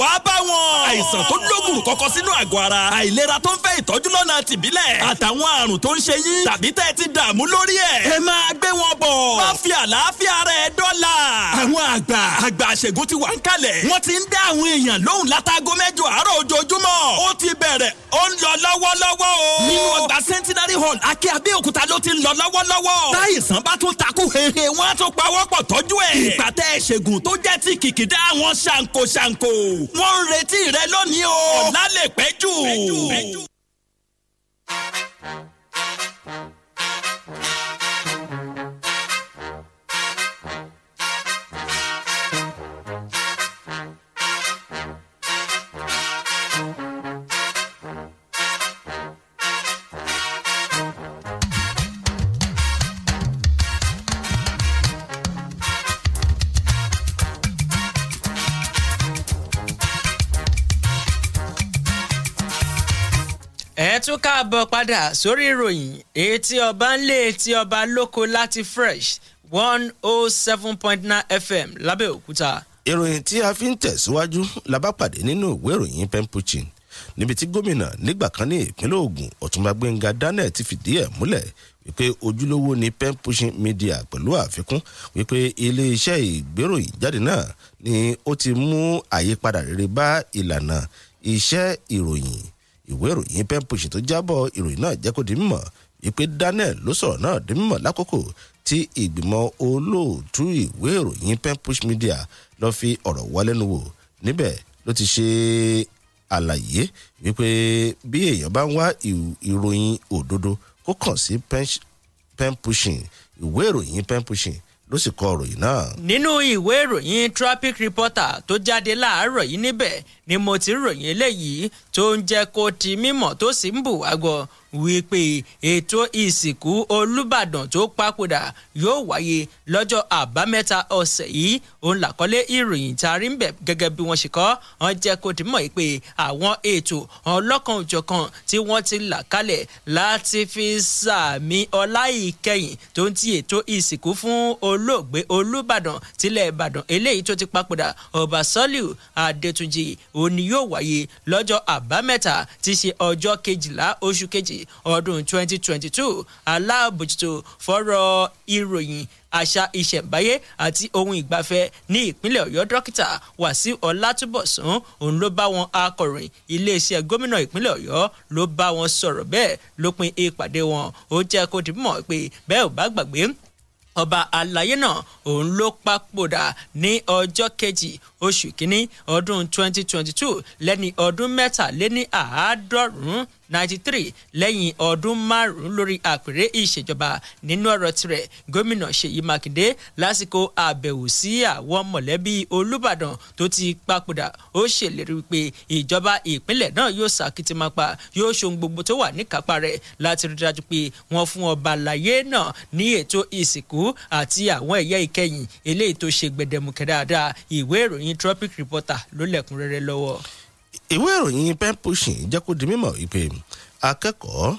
àìsàn tó lóògùn kọ́kọ́ sínú àgọ́ ara àìlera tó ń fẹ́ ìtọ́jú lọ́nà tìbílẹ̀ àtàwọn àrùn tó ń ṣe yín tàbí tẹ́ ẹ ti dààmú lórí ẹ̀ ẹ máa gbé wọn bọ̀ má fi àlàáfíà rẹ̀ dọ́là. àwọn àgbà àgbà àṣègùn ti wà ń kalẹ̀ wọ́n ti ń dá àwọn èèyàn lóhùn látago mẹ́jọ àárọ̀ ojoojúmọ́ ó ti bẹ̀rẹ̀ ó ń lọ lọ́wọ́lọ́wọ́ o. nínú ọgbà centenary hall akẹ́ abẹ́òkúta ló ti ń lọ lọ́wọ́lọ́wọ́. táyìsàn bá tún takú hehe wọ́n á tún pawọ́pọ̀ tọ́jú ẹ̀. ìpàtẹ́ ìṣègùn tó jẹ́ ti kìkìdá àwọn ṣàǹkó wọ́n ń retí r rẹ lónìí o ọ̀la lè tún káàbọ̀ padà sórí ìròyìn etí ọba ń lé etí ọba lóko láti fresh one oh seven point nine fm lábẹ́òkúta. ìròyìn tí a fi ń tẹ̀síwájú la bá pàdé nínú ìwé ìròyìn pemphucin níbi tí gómìnà nígbà kan ní ìpínlẹ̀ Ògùn Ọ̀túnba Gbẹ́ngà Daniel ti fìdí ẹ̀ múlẹ̀ wípé ojúlówó ni Pemphucin Media pẹ̀lú àfikún wípé iléeṣẹ́ ìgbéròyìn jáde náà ni ó ti mú àyípadà rere bá ìlànà iṣẹ́ ìròyìn ìwé ìròyìn pen push tó jábọ̀ ìròyìn náà jẹ́ kó di mímọ̀ ìpè Daniel ló sọ̀rọ̀ náà di mímọ̀ lákòókò tí ìgbìmọ̀ olóòtú ìwé ìròyìn pen push media lọ fi ọ̀rọ̀ wá lẹ́nu wò níbẹ̀ ló ti ṣe àlàyé wípé bí èèyàn bá ń wá ìròyìn òdodo kó kàn sí pen pushing ìwé ìròyìn pen pushing ló sì kọ ìròyìn náà. nínú ìwé ìròyìn traffic reporter tó jáde láàárọ̀ yìí níbẹ̀ ni mo ti ròyìn eléyìí tó ń jẹ́ kó ti mímọ̀ tó sì ń bùwágọ̀ wípé ètò ìsìnkú olùbàdàn tó papòdà yóò wáyé lọ́jọ́ àbámẹ́ta ọ̀sẹ̀ yìí òun làkọ́lé ìròyìn tá a rí ń bẹ̀ gẹ́gẹ́ bí wọ́n ṣe kọ́ ọ́n jẹ́ kó ti mọ̀ pé àwọn ètò ọlọ́kan òjọ̀kan tí wọ́n ti là kalẹ̀ láti fi sàmì ọlá ìkẹyìn tó ń ti ètò ìsìnkú fún olóògbé olùbàdàn tilẹ̀ ìbàdàn eléyìí tó ti papòdà ọba sọ́líù adétúnjì òun ni yóò wáyé lọ́jọ́ àb àbámẹ́ta ti ṣe ọjọ́ kejìlá oṣù kejì ọdún 2022 aláàbòjútó fọ́rọ̀ ìròyìn àṣà ìṣẹ̀ǹbáyé àti ohun ìgbafẹ́ ní ìpínlẹ̀ ọ̀yọ́ dókítà wàsíù ọlátúbọ̀sún òun ló bá wọn akọ̀ròyìn iléeṣẹ́ gómìnà ìpínlẹ̀ ọ̀yọ́ ló bá wọn sọ̀rọ̀ bẹ́ẹ̀ lópin ìpàdé wọn ó jẹ́ kó dìbò mọ̀ pé bẹ́ẹ̀ ò bá gbàgbé ọba àlàyé náà òun ló papòdà ní ọjọ́ kejì oṣù kínní ọdún 2022 lẹ́ni ọdún mẹ́tàléní àádọ́rùn-ún ninety three lẹ́yìn ọdún márùn-ún lórí àpèrè ìṣèjọba nínú ọ̀rọ̀ tirẹ̀ gómìnà ṣèyí mákindé lásìkò àbẹ̀wò sí àwọn mọ̀lẹ́bí olùbàdàn tó ti papòdà ó ṣèlérí wípé ìjọba ìpínlẹ̀ náà yóò ṣàkìtìmọ́pa yóò ṣohun gbogbo tó wà níkápá rẹ̀ láti rí dájú pé wọ́n fún ọba àlàyé náà ní ètò ìsìnkú àti àwọn ẹ̀yẹ ìkẹyìn eléyìí tó ṣe gbẹdẹmukẹ dáadáa ìwé ìròyìn tropic reporter ló lẹ́kùnrẹ́rẹ́ lọ́wọ́ ìwé ìròyìn pen pushing jẹ́ kó di mímọ̀ ìpè akẹ́kọ̀ọ́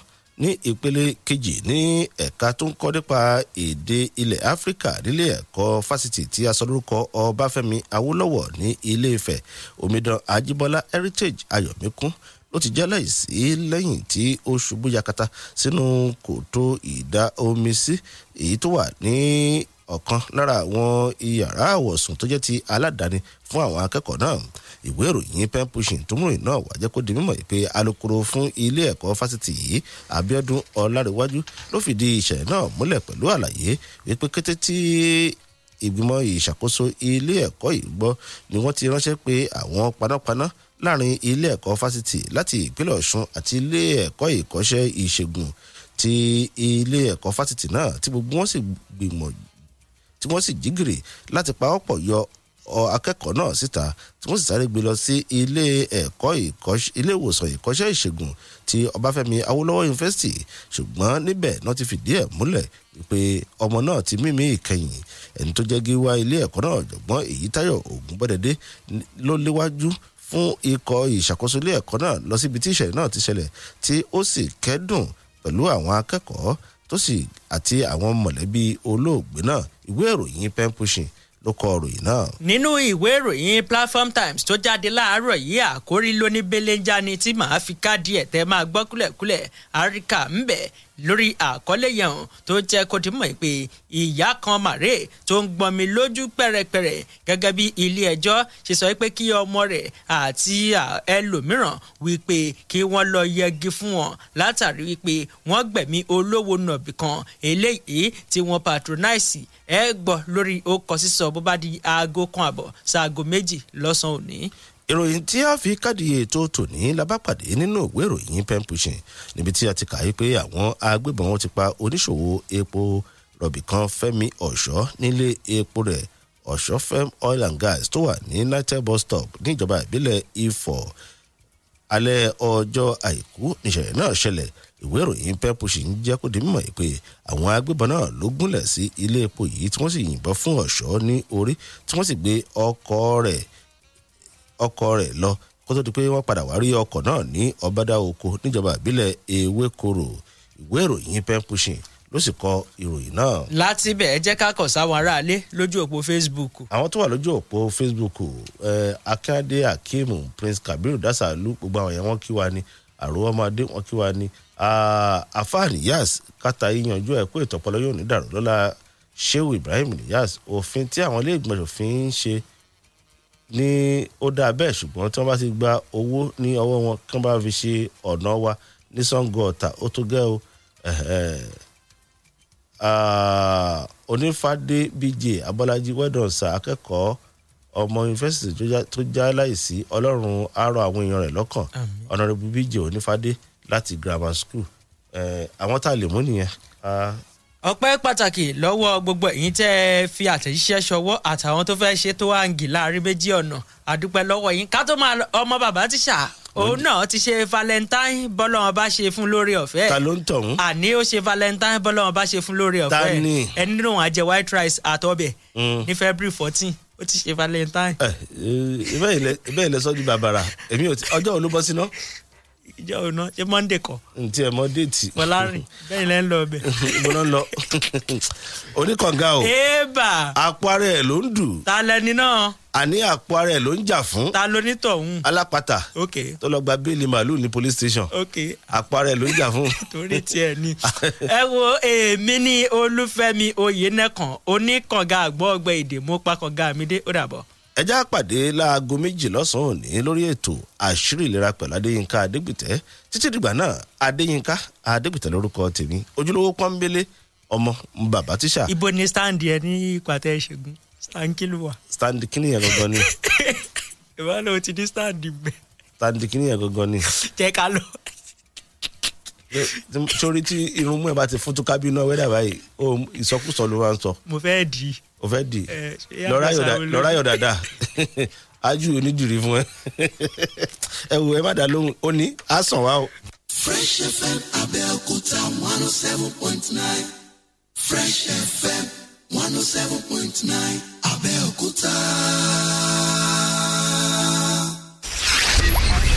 ní ìpele kejì ní ẹ̀ka tó ń kọ́ nípa èdè ilẹ̀ áfíríkà nílé ẹ̀kọ́ fásitì tí a sọ lórúkọ ọbáfẹ́mi awólọ́wọ̀ ní ilé ifẹ̀ omidan ajíbọ́lá heritage ayọ̀míkún ló ti jẹ́ láìsí lẹ́yìn tí ó ṣubú yakata sínú kòtò ìdá omi sí èyí tó wà ní ọ̀kan lára àwọn iyàrá àwọ̀sùn tó jẹ́ ti aládàáni fún àwọn akẹ́kọ̀ọ́ náà ìwé ìròyìn pen pushing tó múròyìn náà wà jẹ́ kó di mímọ̀ pé alukoro fún ilé ẹ̀kọ́ fásitì yìí Abíọ́dún Ọlárẹ̀wájú ló fìdí ìṣẹ̀lẹ̀ náà múlẹ̀ pẹ̀lú àlàyé wípé kété tí ìgbìmọ̀ ìṣàkóso ilé ẹ̀kọ́ yìí gbọ́ ni wọ́n ti ránṣẹ́ pé àwọn panápaná láàrin ilé ẹ̀kọ́ fásitì láti ìpínlẹ̀ Ọ̀ṣun àti ilé ẹ̀kọ́ ìkọ́ṣẹ́ ìṣègùn ti ilé ẹ̀kọ́ fásitì náà tí gbogbo wọn sì gbìmọ̀ tí wọ́n sì jí gìrì láti pawọ́pọ̀ yọ akẹ́kọ̀ọ́ náà síta tí wọ́n sì sáré gbé lọ sí ilé ẹ̀kọ́ ilé ìwòsàn ìkọ́ṣẹ́ ìṣègùn ti Ọbáfẹ́mi Awólọ́wọ̀ yunifásitì ṣùgbọ́n níbẹ̀ náà ti fìdí ẹ̀ múlẹ̀ pé ọmọ náà ti mímí ìkẹyìn ẹni tó jẹ́ gíwá ilé ẹ̀kọ́ náà ọ̀jọ̀gbọ́n Èyítáyọ̀ Ògúnbọ̀dẹ̀dé ló léwájú fún ikọ̀ ìṣàkóso ilé ẹ̀kọ́ náà lọ síbi tí ìṣẹ̀lẹ̀ náà ti ṣẹlẹ̀ tí ó sì kẹ́dùn pẹ̀lú àwọn akẹ́kọ̀ọ́ tó sì àti àwọn mọ̀lẹ́bí olóògbé náà ìwé ìròyìn pen pushing ló kọ ròyìn náà. nínú ìwé ìròyìn platform times tó jáde láàárọ̀ yìí àkórí lóní belenja ni tí màá fi káàdì ẹ̀ tẹ́ máa gbọ́ kúlẹ̀kúlẹ̀ àríkà ńbẹ̀ lórí àkọlé yẹn tó jẹ́ kó ti mọ̀ pé ìyá kan màrè tó ń gbọnmi lójú pẹ̀rẹ̀pẹ̀rẹ̀ gẹ́gẹ́ bí ilé ẹjọ́ ṣe sọ pé kí ọmọ rẹ̀ àti ẹlòmíràn wípé kí wọ́n lọ yẹgi fún wọn látàrí wípé wọ́n gbẹ̀mí olówó nọ̀bì kan eléyìí tí wọ́n patronize ẹ gbọ́ lórí ó kọ sísọ bó bá di aago kan àbọ̀ sáago méjì lọ́sàn òní ìròyìn tí a fi kádìí ètò tòní labápàdé nínú ìwé ìròyìn pen pushing níbi tí a ti kà í pé àwọn agbébọn wọn ti pa oníṣòwò epo rọ̀bì kan fẹ́mi ọ̀ṣọ́ nílé epo rẹ̀ ọ̀ṣọ́ fem oil and gas tó wà ní united bus stop níjọba ìbílẹ̀ ifọ̀ alẹ́ ọjọ́ àìkú níṣẹ̀lẹ̀ náà ṣẹlẹ̀ ìwé ìròyìn pen pushing jẹ́ kó di mímọ̀ pé àwọn agbébọn náà ló gúnlẹ̀ sí ilé epo yìí tí wọ́n sì yìnbọn fún ọ̀ṣọ́ ní orí tí wọ́n sì gbé ọkọ̀ rẹ̀ ọkọ̀ rẹ̀ lọ kó tó di pé wọ́n padà wá rí ọkọ̀ náà ní ọ̀bádáwoko níjọba ìbílẹ̀ ewékorò ìwé ìròyìn pen pushing ló sì kọ ìròyìn náà. láti bẹ̀ ẹ jẹ́ ká kàn sáwọn aráalé lójú òpó facebook. àwọn tó wà lójú òpó facebook akíndé akeem prince kabiru dasalu gbogbo àwọn yẹn wọ́n kí wa ni àròwọ́ ọmọdé wọ́n kí wa ni afa niyas kata yíyanjú ẹ̀ pé ìtọ̀pọ̀lọ́ yóò ní dàrú lọ́la sheu ibrahim niyas òfin tí àwọn ilé ìgbìmọ̀ òfin ń ṣe ní ó dáa bẹ́ẹ̀ ṣùgbọ́n tí wọ́n bá ti gba owó ní ọwọ́ wọn kí wọ́n bá fi ṣe ọ̀nà wa ní Ṣàngó Ọ̀tà ó tó gẹ́ o ah, onífàdé bj abọ́lájí wẹ́dọ̀nsà akẹ́kọ̀ọ́ ọmọ yunifásitì tó já láìsí ọlọ́run àárọ̀ àwọn èèyàn rẹ̀ lọ́kàn ọ̀nàrẹ́bù bj onífàdé láti grammar school àwọn tá a lè mú nìyẹn. Ah, ọpẹ́ pàtàkì lọ́wọ́ gbogbo ẹ̀yin tẹ́ ẹ fi àtẹ̀jíṣẹ́ ṣọwọ́ àtàwọn tó fẹ́ ṣe tó àǹgì láàrin méjì ọ̀nà àdúpẹ́ lọ́wọ́ yín ká tó máa ọmọ bàbá ti ṣà òun náà ti ṣe valentine bọ́lọ́wọ́n bá ṣe fún lórí ọ̀fẹ́. ta ló ń tọ̀hún. àní ó ṣe valentine bọ́lọ́wọ́n bá ṣe fún lórí ọ̀fẹ́. ta ni. ẹni nínú wọn á jẹ white rice àtọ́bẹ̀ mm. ní february fourteen ó ti ṣe valentine. ẹ ẹ bẹ́ẹ̀ lẹ sọ́ di bàbàrà èmi ò tí ọjọ́ òun ló bọ́ síná ìjọ òun náà ṣé monday kọ. ntí ẹ mọ déètì. fọlárin bẹ́ẹ̀ lẹ́ ń lọ ọbẹ̀. mo náà lọ oníkànga o. éèbà. àpárẹ̀ ló ń dù. ta lẹni náà. àní àpárẹ̀ ló ń jà fún. ta ló ní alápatà. ok tó lọ gba bẹ́ẹ̀lì màálùú ní police station. ok àpárẹ̀ ẹ̀ ló ń jà fún. torí tiẹ̀ ni. ẹ wo èmi ní olúfẹ́mi oyinẹ̀kan oníkànga àgbọ̀ ọgbẹ́ èdè mo pa kànga mi dé ó dàbọ̀ ẹ já pàdé láago méjì lọ́sàn-án òní lórí ètò àṣírí ìlera pẹ̀lú adéyínká adégbìtẹ́ títí dìgbà náà adéyínká adégbìtẹ́ lórúkọ tèmi ojúlówó pọ́nbélé ọmọ bàbá tíṣà. ibo ni stand yẹn ní ìpàtẹ ìṣègùn stand kìlú wa. stand kìlú yẹn gangan ni. ìwádìí o ti ní stand gbẹ. stand kìlú yẹn gangan ni. jẹ ká lọ sórí tí irun mú ẹ bá ti fún túkábí náà wẹ́dà báyìí ìsọkúsọ ló máa ń sọ. mo fẹ́ di o fẹ́ di lọ́ra yọ̀ dáadáa ájú onídìrí fún ẹ ẹ wò ẹ má dá lóhùn ó ní á sàn wá o. Fresh FM Abẹ́òkúta one oh seven point nine Fresh FM one oh seven point nine Abẹ́òkúta.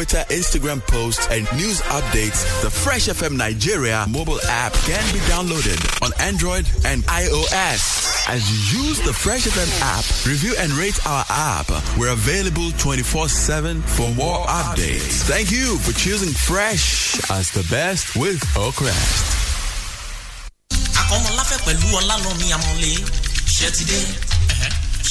Twitter, Instagram posts, and news updates, the Fresh FM Nigeria mobile app can be downloaded on Android and iOS. As you use the Fresh FM app, review and rate our app. We're available 24 7 for more updates. Thank you for choosing Fresh as the best with Oakrest. àkọ́mọláfẹ́ pẹ̀lú ọlálọ́mí amọ̀lé ṣẹ́ ti dé.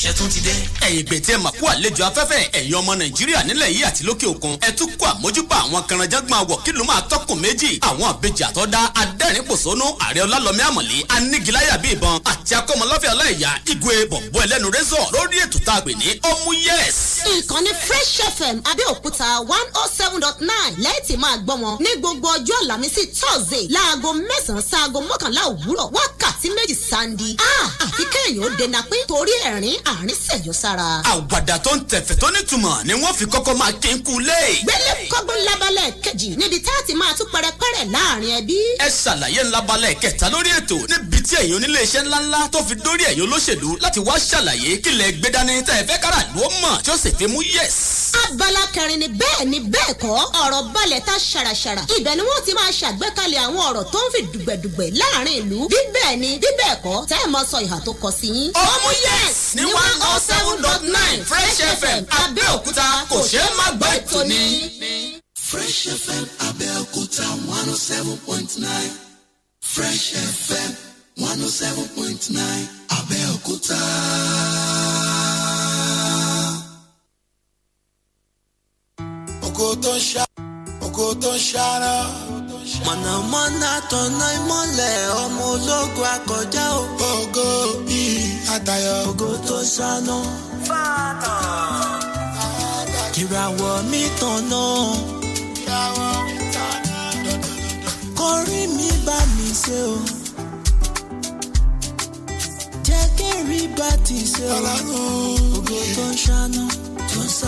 ṣe tún ti dé. ẹ̀yin gbẹ̀tẹ̀ mà àlejò afẹ́fẹ́ ẹ̀yin ọmọ nàìjíríà nílẹ̀ yìí àti lókè òkun ẹ tún kó àmójúbà àwọn kanranjágbọ̀n àwọ̀ kìlú máa tọkùn méjì àwọn àbejì àtọ́dá adẹ́rìnpòsónú ààrẹ ọlálọ́mí àmọ̀lé anígiláyà bí ìbọn àti akọ́mọláfẹ́ ọláìyá igwe bọ̀bọ̀ ẹlẹ́nu rẹ́sọ̀ lórí ètò tá a pè ní ọmú yẹ́s. ìkànnì fresh fm abẹ́òkúta one oh seven dot nine lẹ́ẹ̀tì máa gbọ́ wọn ní gbogbo ọjọ́ àlàmísì thursday láago mẹ́sàn-án sáago mọ́kànlá òwúrọ̀ wákàtí méjì sáńdí. Ah, àfi kẹ́yìn ó dènà pé torí ẹ̀rín àárín sẹ̀yọ́ sára. àwàdà tó ń tẹ̀fẹ̀ tó nítumọ̀ ni wọ́n fi kọ́kọ́ máa kí n kú lé. gbélé kọ́gbọ́n labalẹ̀ kejì níbi tá a ti máa tún pẹrẹpẹrẹ láàrin ẹbí. ẹ ṣàlàyé labalẹ̀ kẹta lórí ètò níbi tí ẹ̀yin oníléeṣẹ́ ńláńlá tó fi dórí ẹ̀yin olóṣèlú láti wá ṣàlàyé kílẹ̀ gbẹdání tẹ́ ẹ fẹ́ kára ló mọ̀ tí ó sì fi mú yẹ̀s. abala kẹrin ni bẹ́ẹ̀ ni bẹ́ẹ̀ kọ́ ọ̀rọ̀ balẹ̀ ta ṣàràṣàrà ibẹ̀ ni wọ́n ti máa ṣàgbékalẹ̀ àwọn ọ̀rọ̀ tó ń fi dùgbẹ̀dùgbẹ̀ láàrin ìlú bí ni bí bẹ́ẹ̀ kọ́ ẹ mọ sọ ìhà tó kọ sí yín. ọmú yẹ̀s ni w one oh seven dot nine fresh fm abẹ́òkúta kò ṣeé má gbọ́ ètò ni. fresh fm abẹ́òkúta one oh seven point nine fresh fm one oh seven point nine abẹ́òkúta. ògo tó ń ṣá ògo tó ń ṣáná mọ̀nàmọ́ná tọ̀nà ìmọ́lẹ̀ ọmọ ológun akọjá ògo bíi àtayọ ògo tó ṣáná. fàtà. ìràwọ̀ mi tọ̀nà. ìràwọ̀ mi tọ̀nà. kọrí mi bá mi ṣe o. jẹ́ kí rí bá ti ṣe o. ògo tó ṣáná tó ṣáná.